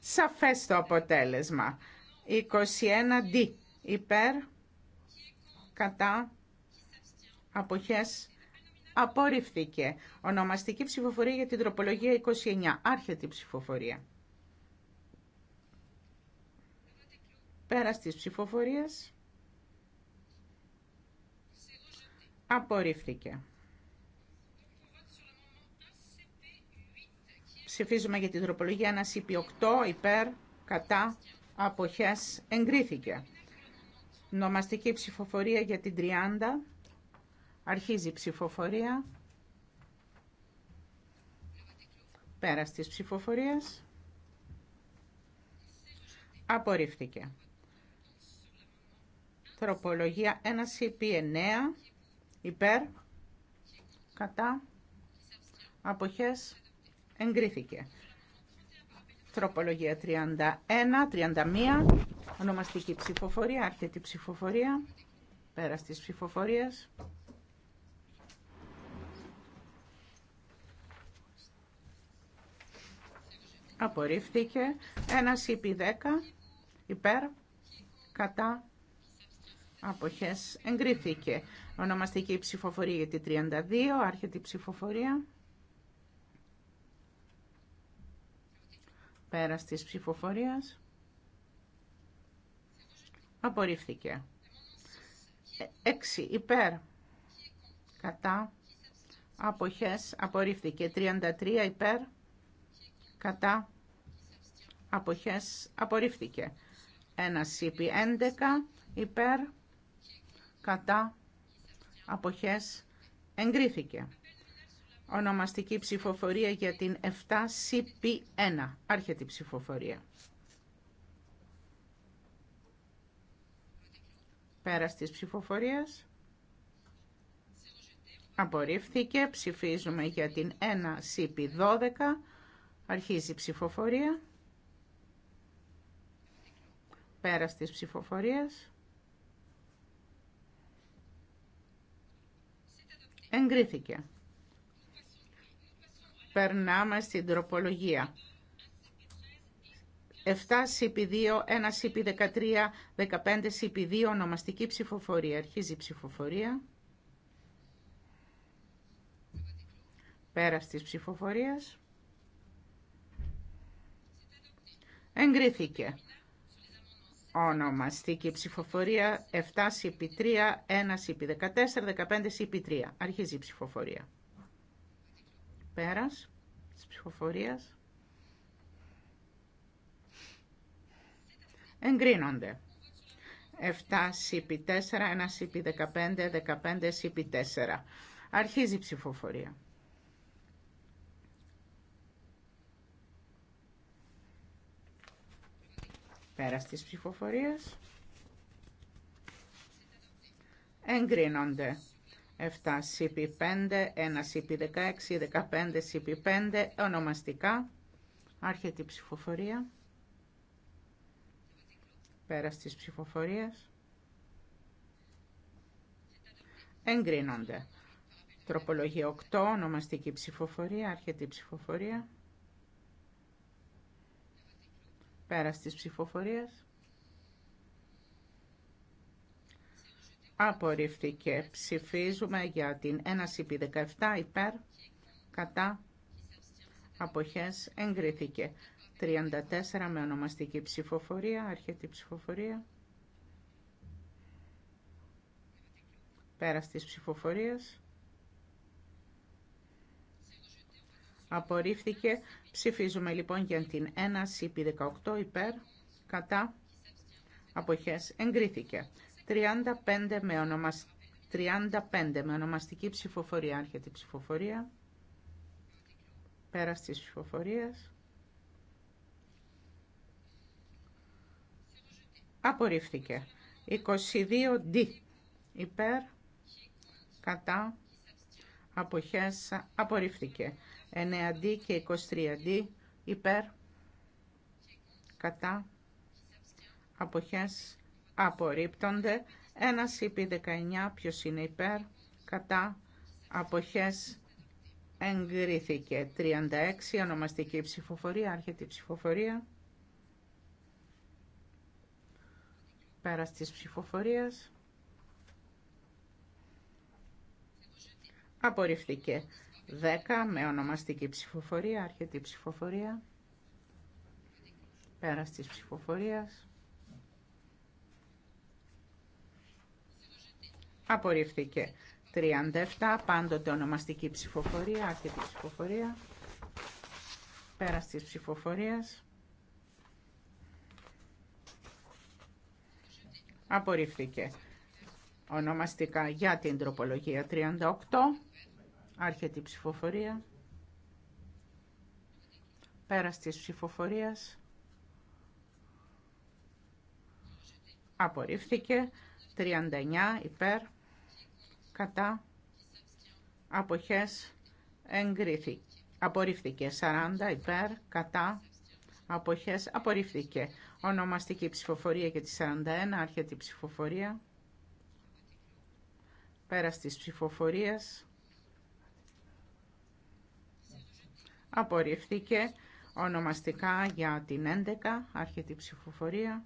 S4: σαφές το αποτέλεσμα. 21D υπέρ, κατά, αποχές Απορρίφθηκε. Ονομαστική ψηφοφορία για την τροπολογία 29. Άρχεται η ψηφοφορία. Πέρας της ψηφοφορίας. Απορρίφθηκε. Ψηφίζουμε για την τροπολογία 1 CP8 υπέρ, κατά, αποχές, εγκρίθηκε. Νομαστική ψηφοφορία για την 30. Αρχίζει η ψηφοφορία. Πέρα της ψηφοφορίας. Απορρίφθηκε. Τροπολογία 1CP9 υπέρ κατά αποχές εγκρίθηκε. Τροπολογία 31, 31, ονομαστική ψηφοφορία, άρχεται η ψηφοφορία, πέρας της ψηφοφορίας. Απορρίφθηκε. Ένας CP10 υπέρ, κατά, αποχές. Εγκρίθηκε. Ονομαστική ψηφοφορία για τη 32. Άρχεται η ψηφοφορία. Πέρας της ψηφοφορίας. Απορρίφθηκε. 6 υπέρ, κατά, αποχές. Απορρίφθηκε. 33 υπέρ, κατά αποχές απορρίφθηκε. Ένα CP11 υπέρ κατά αποχές εγκρίθηκε. Ονομαστική ψηφοφορία για την 7CP1. Άρχεται η ψηφοφορία. Πέρας της ψηφοφορίας. Απορρίφθηκε. Ψηφίζουμε για την 1CP12. Αρχίζει η ψηφοφορία. Πέρας της ψηφοφορίας. Εγκρίθηκε. Περνάμε στην τροπολογία. 7 CP2, 1 CP13, 15 CP2, ονομαστική ψηφοφορία. Αρχίζει η ψηφοφορία. Πέρας της ψηφοφορίας. Εγκρίθηκε. Ονομαστική ψηφοφορία 7 επί 3, 1 επί 14, 15 επί 3. Αρχίζει η ψηφοφορία. Πέρας της ψηφοφορίας. Εγκρίνονται. 7 επί 4, 1 επί 15, 15 επί 4. Αρχίζει η ψηφοφορία. Πέρας της ψηφοφορίας. Εγκρίνονται. 7 CP5, 1 CP16, 15 CP5, ονομαστικά. Άρχεται η ψηφοφορία. Πέρας της ψηφοφορίας. Εγκρίνονται. Τροπολογία 8, ονομαστική ψηφοφορία, άρχεται η ψηφοφορία. Πέρα της ψηφοφορίας. Απορριφθήκε. Ψηφίζουμε για την 1 υπέρ, κατά, αποχές, εγκρίθηκε. 34 με ονομαστική ψηφοφορία, αρχιετή ψηφοφορία. Πέρα της ψηφοφορίας. Απορρίφθηκε. Ψηφίζουμε λοιπόν για την 1 CP18 υπέρ, κατά, αποχές. Εγκρίθηκε. 35 με, ονομαστική ψηφοφορία. Άρχεται η ψηφοφορία. Πέρας της ψηφοφορίας. Απορρίφθηκε. 22D υπέρ, κατά, αποχές απορρίφθηκε. 9D και 23D υπέρ κατά αποχές Ένα ένας CP19 ποιο είναι υπέρ κατά αποχές εγκρίθηκε 36 ονομαστική ψηφοφορία άρχεται η ψηφοφορία πέρας της ψηφοφορίας απορριφθήκε 10 με ονομαστική ψηφοφορία, αρχιετή ψηφοφορία, πέρας της ψηφοφορίας. Απορρίφθηκε 37, πάντοτε ονομαστική ψηφοφορία, αρχιετή ψηφοφορία, πέρας της ψηφοφορίας. Απορρίφθηκε ονομαστικά για την τροπολογία 38 Άρχεται η ψηφοφορία. Πέρας της ψηφοφορίας. Απορρίφθηκε. 39 υπέρ. Κατά. Αποχές. Εγκρίθηκε. Απορρίφθηκε. 40 υπέρ. Κατά. Αποχές. Απορρίφθηκε. Ονομαστική ψηφοφορία και τη 41. Άρχεται η ψηφοφορία. Πέρας της ψηφοφορίας. Απορρίφθηκε ονομαστικά για την 11, άρχεται ψηφοφορία.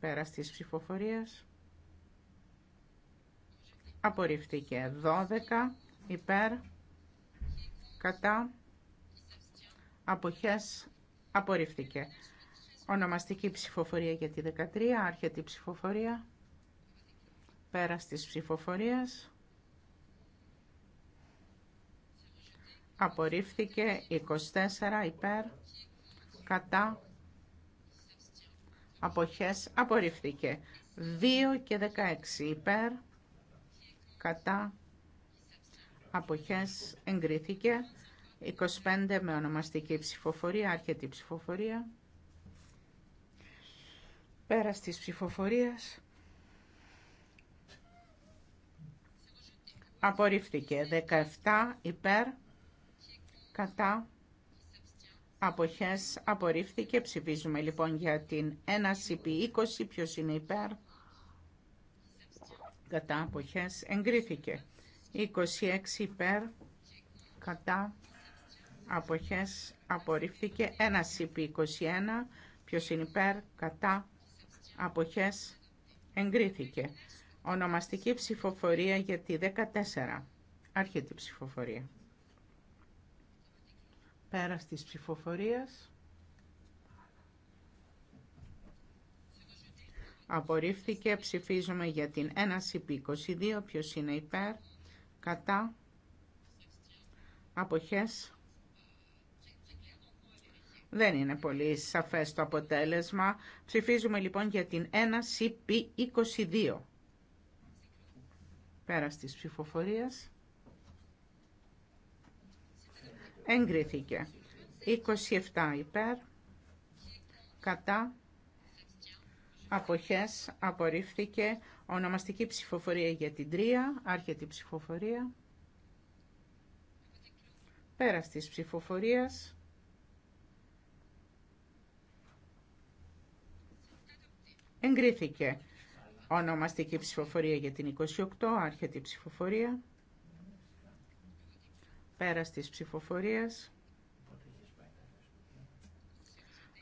S4: Πέρας της ψηφοφορίας. Απορρίφθηκε 12, υπέρ, κατά, αποχές, απορρίφθηκε. Ονομαστική ψηφοφορία για τη 13, άρχεται ψηφοφορία. Πέρας της ψηφοφορίας. απορρίφθηκε 24 υπέρ κατά αποχές απορρίφθηκε 2 και 16 υπέρ κατά αποχές εγκρίθηκε 25 με ονομαστική ψηφοφορία, άρχεται ψηφοφορία πέρα της ψηφοφορίας απορρίφθηκε 17 υπέρ κατά αποχές απορρίφθηκε. Ψηφίζουμε λοιπόν για την 1CP20. Ποιος είναι υπέρ κατά αποχές εγκρίθηκε. 26 υπέρ κατά αποχές απορρίφθηκε. 1CP21. Ποιος είναι υπέρ κατά αποχές εγκρίθηκε. Ονομαστική ψηφοφορία για τη 14. Αρχή η ψηφοφορία. Πέρα της ψηφοφορίας. Απορρίφθηκε. Ψηφίζουμε για την 1CP22. Ποιος είναι υπέρ. Κατά. Αποχές. Δεν είναι πολύ σαφές το αποτέλεσμα. Ψηφίζουμε λοιπόν για την 1CP22. Πέρας της ψηφοφορίας. Εγκρίθηκε. 27 υπέρ. Κατά. Αποχές. Απορρίφθηκε. Ονομαστική ψηφοφορία για την 3. Άρχεται η ψηφοφορία. Πέρας της ψηφοφορίας. Εγκρίθηκε. Ονομαστική ψηφοφορία για την 28. Άρχεται η ψηφοφορία. Πέρα της ψηφοφορίας.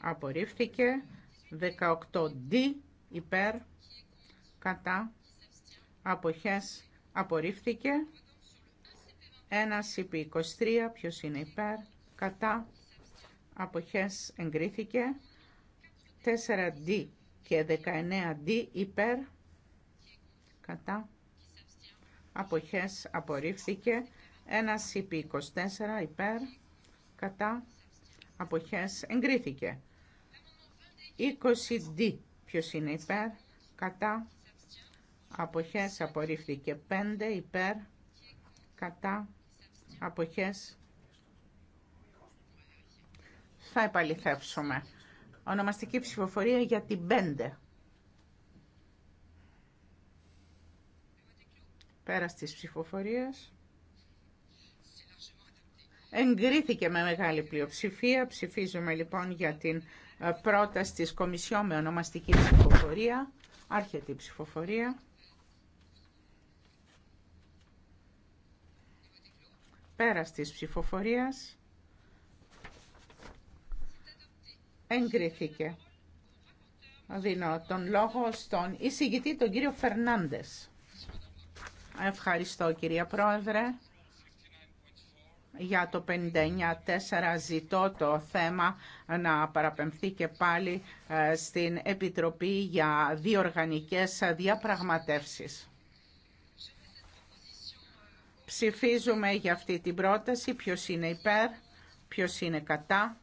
S4: Απορρίφθηκε. 18D υπέρ κατά αποχές απορρίφθηκε. 1 υπή 23, ποιος είναι υπέρ, κατά, αποχές εγκρίθηκε. 4D και 19D υπέρ, κατά, αποχές απορρίφθηκε. Ένας cp 24 υπέρ, κατά, αποχές, εγκρίθηκε. 20D, ποιος είναι υπέρ, κατά, αποχές, απορρίφθηκε. 5 υπέρ, κατά, αποχές, θα επαληθεύσουμε. Ονομαστική ψηφοφορία για την 5. Πέρα στις ψηφοφορίες. Εγκρίθηκε με μεγάλη πλειοψηφία. Ψηφίζουμε λοιπόν για την ε, πρόταση της Κομισιόν με ονομαστική ψηφοφορία. Άρχεται η ψηφοφορία. Πέρας της ψηφοφορίας. Εγκρίθηκε. Δίνω τον λόγο στον εισηγητή, τον κύριο Φερνάντες. Ευχαριστώ κυρία Πρόεδρε για το 59-4 ζητώ το θέμα να παραπεμφθεί και πάλι ε, στην Επιτροπή για διοργανικές διαπραγματεύσεις. Ψηφίζουμε για αυτή την πρόταση. Ποιος είναι υπέρ, ποιος είναι κατά.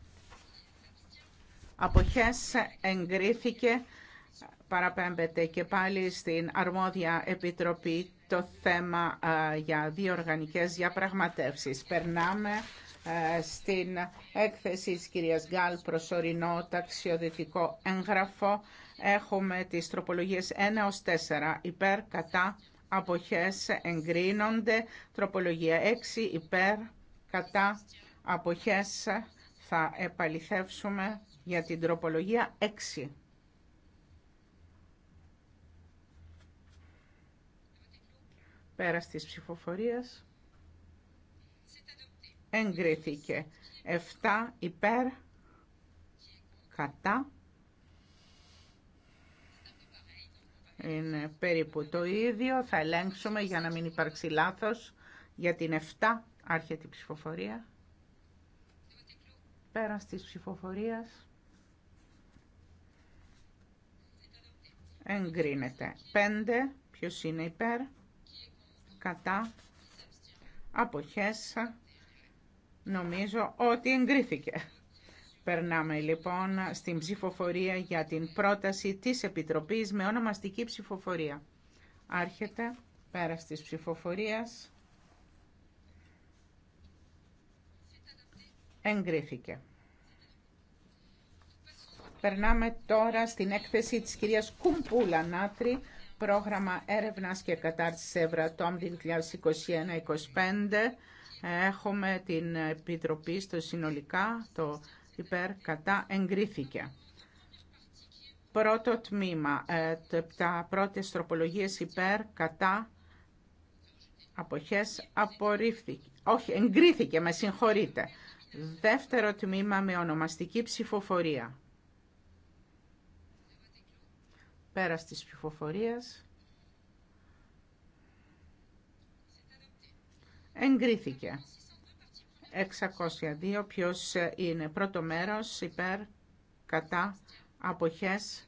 S4: Αποχές εγκρίθηκε, παραπέμπεται και πάλι στην αρμόδια Επιτροπή το θέμα για διοργανικές διαπραγματεύσεις. Περνάμε στην έκθεση της κυρίας Γκάλ προσωρινό ταξιοδευτικό έγγραφο. Έχουμε τις τροπολογίες 1 ως 4 υπέρ, κατά, αποχές εγκρίνονται. Τροπολογία 6 υπέρ, κατά, αποχές θα επαληθεύσουμε για την τροπολογία 6. Πέρας της ψηφοφορίας εγκρίθηκε 7 υπέρ κατά είναι περίπου το ίδιο θα ελέγξουμε για να μην υπάρξει λάθος για την 7 άρχεται η ψηφοφορία πέρας της ψηφοφορίας εγκρίνεται 5 ποιος είναι υπέρ κατά αποχέσα νομίζω ότι εγκρίθηκε. Περνάμε λοιπόν στην ψηφοφορία για την πρόταση της Επιτροπής με ονομαστική ψηφοφορία. Άρχεται πέρα της ψηφοφορίας. Εγκρίθηκε. Περνάμε τώρα στην έκθεση της κυρίας Κουμπούλα Νάτρη πρόγραμμα έρευνας και κατάρτισης Ευρατόμ 2021-2025. Έχουμε την Επιτροπή στο συνολικά, το υπέρ κατά εγκρίθηκε. Πρώτο τμήμα, ε, τα πρώτες τροπολογίες υπέρ κατά αποχές απορρίφθηκε. Όχι, εγκρίθηκε, με συγχωρείτε. Δεύτερο τμήμα με ονομαστική ψηφοφορία. Πέρας της ψηφοφορίας. Εγκρίθηκε. 602. Ποιος είναι πρώτο μέρος υπέρ κατά αποχές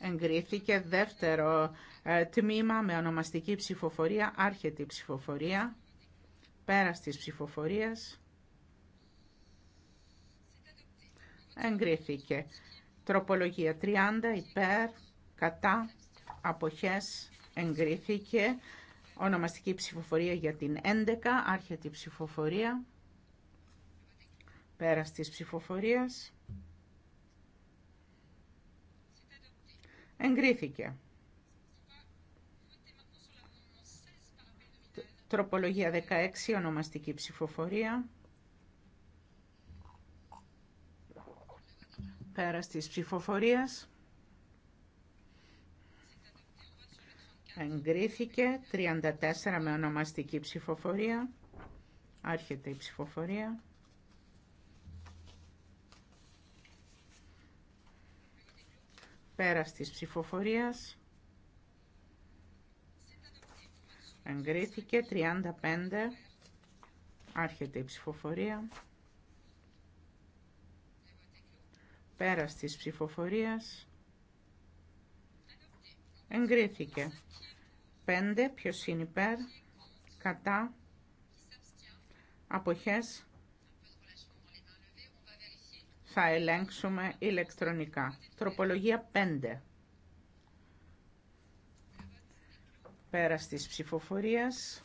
S4: εγκρίθηκε. Δεύτερο ε, τμήμα με ονομαστική ψηφοφορία, άρχεται η ψηφοφορία. Πέρας της ψηφοφορίας. Εγκρίθηκε. Τροπολογία 30 υπέρ κατά αποχές εγκρίθηκε ονομαστική ψηφοφορία για την 11 άρχεται η ψηφοφορία πέρας της ψηφοφορίας εγκρίθηκε τροπολογία 16 ονομαστική ψηφοφορία πέρας της ψηφοφορίας Εγκρίθηκε 34 με ονομαστική ψηφοφορία. Άρχεται η ψηφοφορία. Πέρας της ψηφοφορίας. Εγκρίθηκε 35. Άρχεται η ψηφοφορία. Πέρας της ψηφοφορίας εγκρίθηκε. 5 Ποιο είναι υπέρ, κατά, αποχές, θα ελέγξουμε ηλεκτρονικά. Τροπολογία 5. πέρα της ψηφοφορίας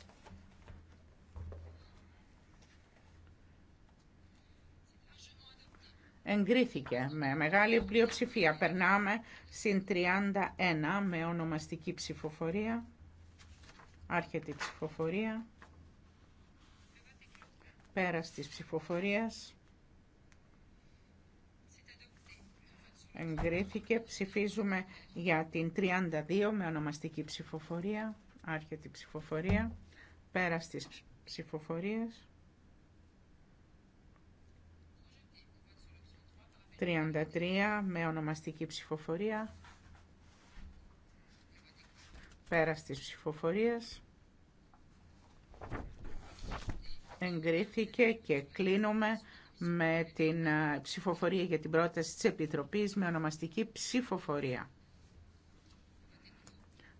S4: εγκρίθηκε με μεγάλη πλειοψηφία. Περνάμε στην 31 με ονομαστική ψηφοφορία. Άρχεται η ψηφοφορία. Πέρας της ψηφοφορίας. Εγκρίθηκε. Ψηφίζουμε για την 32 με ονομαστική ψηφοφορία. Άρχεται η ψηφοφορία. Πέρας της ψηφοφορίας. 33 με ονομαστική ψηφοφορία. Πέρας της ψηφοφορίας. Εγκρίθηκε και κλείνουμε με την ε, ψηφοφορία για την πρόταση της Επιτροπής με ονομαστική ψηφοφορία.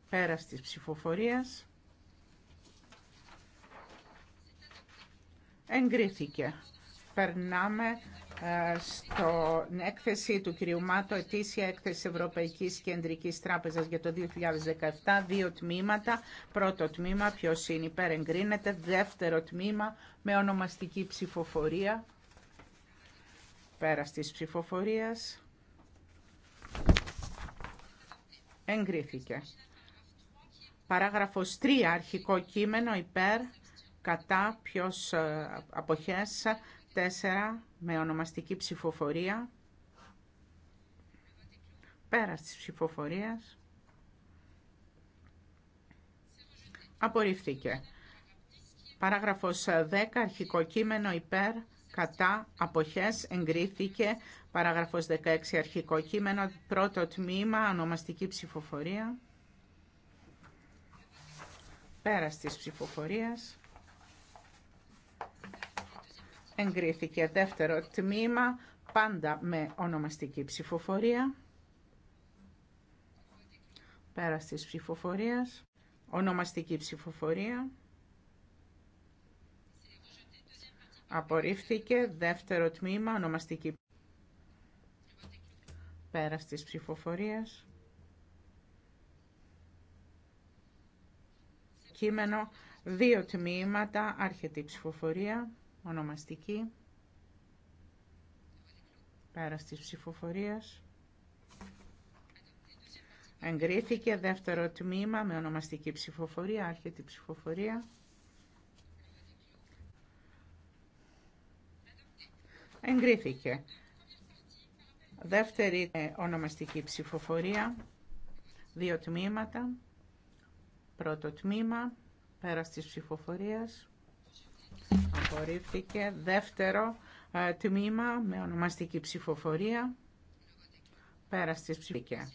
S4: Πέρας της ψηφοφορίας. Εγκρίθηκε. Περνάμε ε, στον έκθεση του κ. Μάτο, ετήσια έκθεση Ευρωπαϊκής Κεντρικής Τράπεζας για το 2017, δύο τμήματα. Πρώτο τμήμα, ποιο είναι υπέρ, εγκρίνεται. Δεύτερο τμήμα, με ονομαστική ψηφοφορία. Πέρα της ψηφοφορίας. Εγκρίθηκε. Παράγραφος 3, αρχικό κείμενο, υπέρ, κατά, ποιος ε, αποχές, Τέσσερα με ονομαστική ψηφοφορία πέρας της ψηφοφορίας απορρίφθηκε. Παράγραφος 10, αρχικό κείμενο υπέρ, κατά, αποχές, εγκρίθηκε. Παράγραφος 16, αρχικό κείμενο, πρώτο τμήμα, ονομαστική ψηφοφορία. Πέρας της ψηφοφορίας εγκρίθηκε. Δεύτερο τμήμα, πάντα με ονομαστική ψηφοφορία. Πέρα της ψηφοφορίας, ονομαστική ψηφοφορία. Απορρίφθηκε. Δεύτερο τμήμα, ονομαστική Πέρα της ψηφοφορίας. Κείμενο, δύο τμήματα, άρχεται ψηφοφορία ονομαστική πέρα της ψηφοφορίας εγκρίθηκε δεύτερο τμήμα με ονομαστική ψηφοφορία άρχεται η ψηφοφορία εγκρίθηκε δεύτερη ε, ονομαστική ψηφοφορία δύο τμήματα πρώτο τμήμα πέρα της ψηφοφορίας Απορρίφθηκε. Δεύτερο ε, τμήμα με ονομαστική ψηφοφορία. Πέρα τη ψηφοφορία.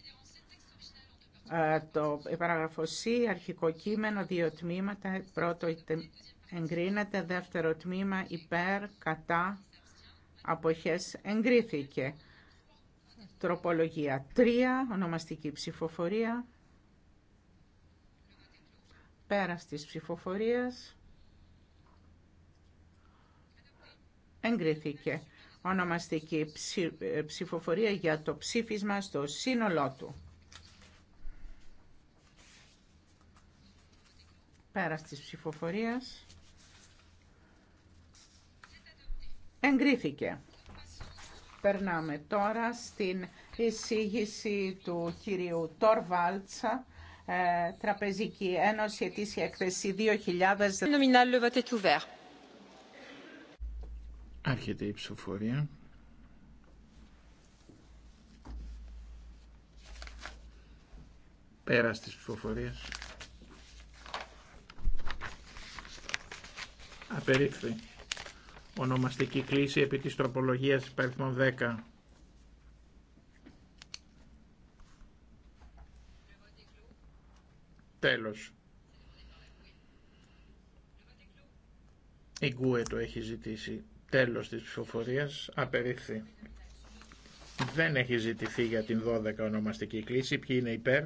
S4: Ε, το παράγραφο C, αρχικό κείμενο, δύο τμήματα. Πρώτο εγκρίνεται, δεύτερο τμήμα υπέρ, κατά, αποχές εγκρίθηκε. Τροπολογία 3, ονομαστική ψηφοφορία. Πέρας της ψηφοφορίας Εγκρίθηκε ονομαστική ε, ψηφοφορία για το ψήφισμα στο σύνολό του. Πέρα της ψηφοφορίας. Εγκρίθηκε. Περνάμε τώρα στην εισήγηση του κυρίου Τόρβαλτσα, ε, Τραπεζική Ένωση, ετήσια έκθεση 2000. le
S2: Άρχεται η ψηφοφορία. Πέρα τη ψηφοφορία. Απερίφθη. Ονομαστική κλίση επί της τροπολογίας υπαριθμών 10. Τέλος. Η Γκουέ το έχει ζητήσει. Τέλος της ψηφοφορίας. Απερίφθη. Δεν έχει ζητηθεί για την 12 ονομαστική κλίση. Ποιοι είναι υπέρ,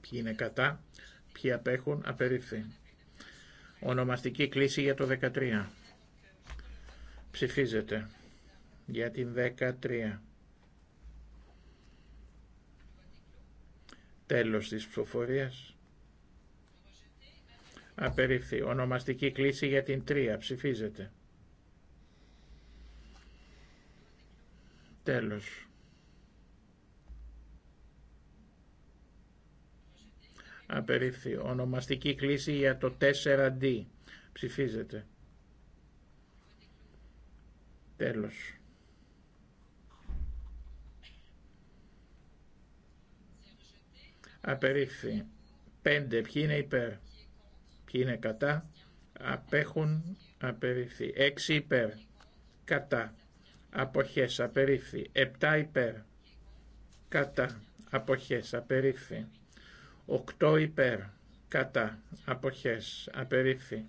S2: ποιοι είναι κατά, ποιοι απέχουν, απερίφθη. Ονομαστική κλίση για το 13. Ψηφίζεται για την 13. Τέλος της ψηφοφορίας. Απερίφθη. Ονομαστική κλίση για την 3. Ψηφίζεται. Τέλος. Απερίφθη. Ονομαστική κλίση για το 4D. Ψηφίζεται. Τέλος. Απερίφθη. 5. Ποιοι είναι υπέρ. Ποιοι είναι κατά. Απέχουν. Απερίφθη. 6 υπέρ. Κατά αποχές απερίφθη Επτά υπέρ κατά αποχές απερίφθη Οκτώ υπέρ κατά αποχές απερίφθη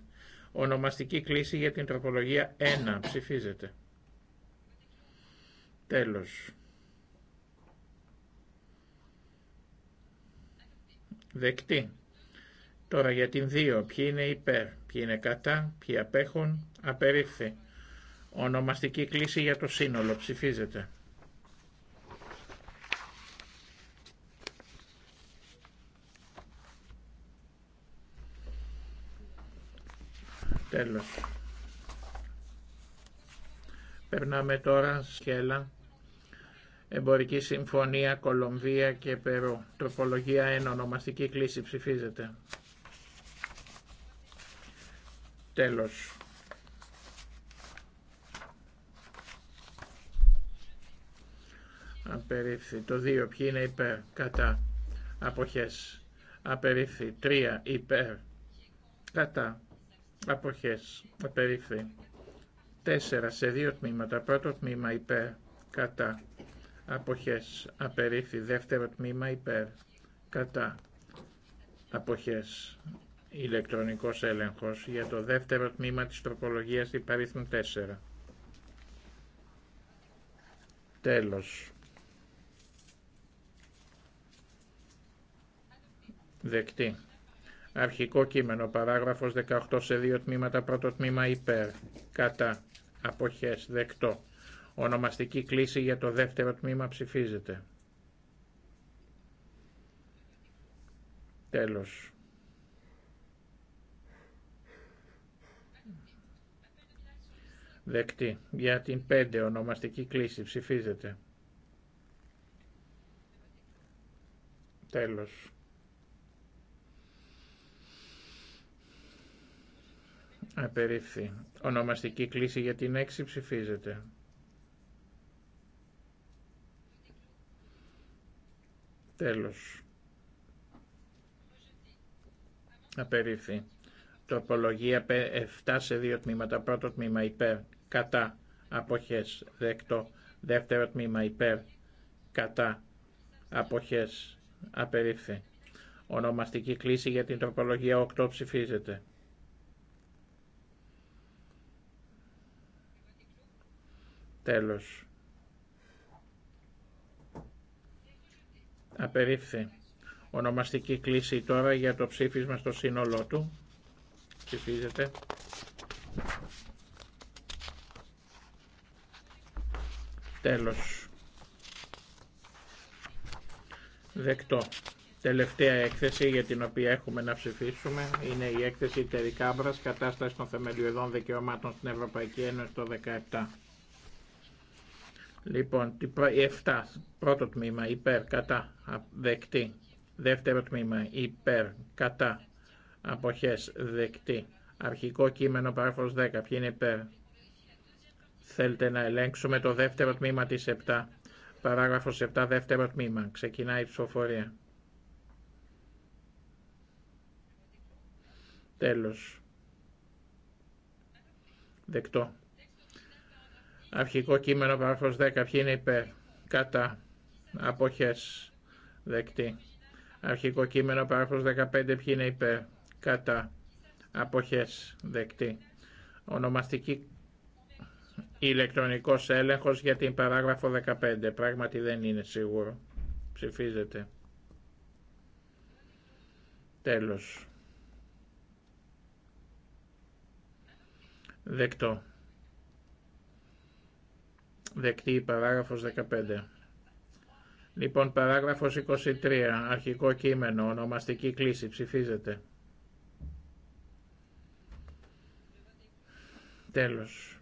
S2: ονομαστική κλίση για την τροπολογία 1 ψηφίζεται τέλος δεκτή τώρα για την 2 ποιοι είναι υπέρ ποιοι είναι κατά ποιοι απέχουν απερίφθη Ονομαστική κλίση για το σύνολο. Ψηφίζεται. Τέλος. Περνάμε τώρα σκέλα. Εμπορική συμφωνία Κολομβία και Περού. Τροπολογία 1. Ονομαστική κλίση ψηφίζεται. Τέλος. Απερίφθη. Το 2. Ποιοι είναι υπέρ. Κατά. Αποχές. Απερίφθη. 3. Υπέρ. Κατά. Αποχές. Απερίφθη. 4. Σε δύο τμήματα. Πρώτο τμήμα υπέρ. Κατά. Αποχές. Απερίφθη. Δεύτερο τμήμα υπέρ. Κατά. Αποχές. Ηλεκτρονικός έλεγχος για το δεύτερο τμήμα της τροπολογίας υπαρίθμου 4. Τέλος. Δεκτή. Αρχικό κείμενο, παράγραφος 18 σε δύο τμήματα, πρώτο τμήμα υπέρ, κατά, αποχές, δεκτό. Ονομαστική κλίση για το δεύτερο τμήμα ψηφίζεται. Τέλος. Δεκτή. Για την πέντε ονομαστική κλίση ψηφίζεται. Τέλος. Απερίφθη. Ονομαστική κλίση για την 6 ψηφίζεται. Τέλος. Απερίφθη. Τροπολογία 7 σε δύο τμήματα. Πρώτο τμήμα υπέρ. Κατά. Αποχές. Δεκτό. Δεύτερο τμήμα υπέρ. Κατά. Αποχές. Απερίφθη. Ονομαστική κλίση για την τροπολογία 8 ψηφίζεται. Τέλος. Απερίφθη. Ονομαστική κλίση τώρα για το ψήφισμα στο σύνολό του. Ψηφίζεται. Τέλος. Δεκτό. Τελευταία έκθεση για την οποία έχουμε να ψηφίσουμε είναι η έκθεση Τερικάμπρας κατάσταση των θεμελιωδών δικαιωμάτων στην Ευρωπαϊκή Ένωση το 2017. Λοιπόν, 7, πρώτο τμήμα, υπέρ, κατά, δεκτή. Δεύτερο τμήμα, υπέρ, κατά, αποχές, δεκτή. Αρχικό κείμενο, παράγραφος 10, ποιο είναι υπέρ. Θέλετε να ελέγξουμε το δεύτερο τμήμα της 7. Παράγραφος 7, δεύτερο τμήμα. Ξεκινάει η ψηφοφορία. Τέλος. Δεκτό. Αρχικό κείμενο παράγραφος 10. Ποιοι είναι υπέρ. Κατά. Αποχές. Δεκτή. Αρχικό κείμενο παράγραφος 15. Ποιοι είναι υπέρ. Κατά. Αποχές. Δεκτή. Ονομαστική ηλεκτρονικός έλεγχος για την παράγραφο 15. Πράγματι δεν είναι σίγουρο. Ψηφίζεται. Τέλος. Δεκτό. Δεκτή η παράγραφος 15. Λοιπόν, παράγραφος 23, αρχικό κείμενο, ονομαστική κλίση, ψηφίζεται. Τέλος.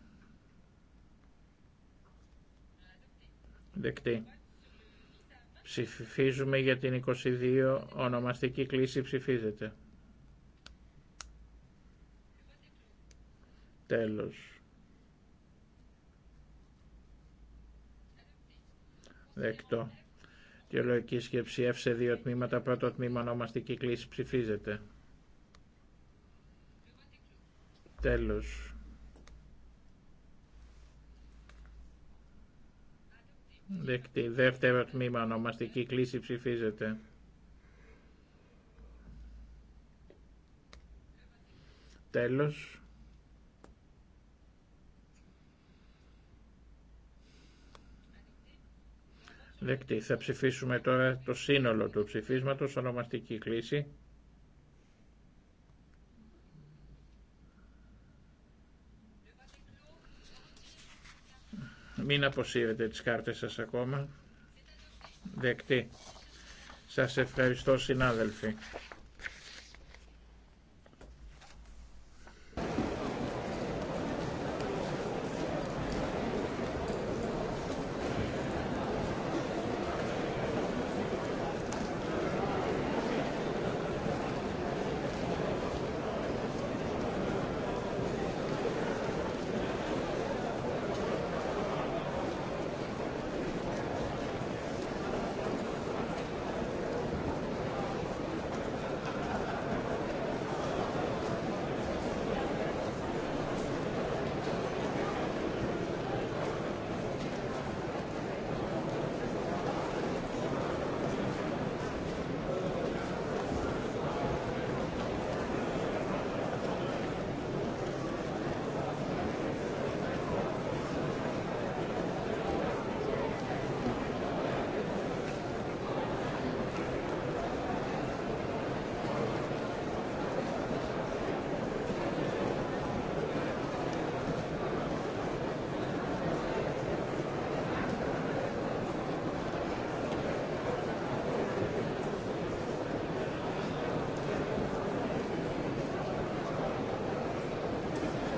S2: Δεκτή. Ψηφίζουμε για την 22, ονομαστική κλίση, ψηφίζεται. Τέλος. Δεκτό. Διολογική σκέψη F δύο τμήματα. Πρώτο τμήμα ονομαστική κλίση ψηφίζεται. Τέλος. Δεκτή. Δεύτερο τμήμα ονομαστική κλίση ψηφίζεται. Τέλος. Δεκτή. Θα ψηφίσουμε τώρα το σύνολο του ψηφίσματος, ονομαστική κλίση. Μην αποσύρετε τις κάρτες σας ακόμα. Δεκτή. Σας ευχαριστώ συνάδελφοι.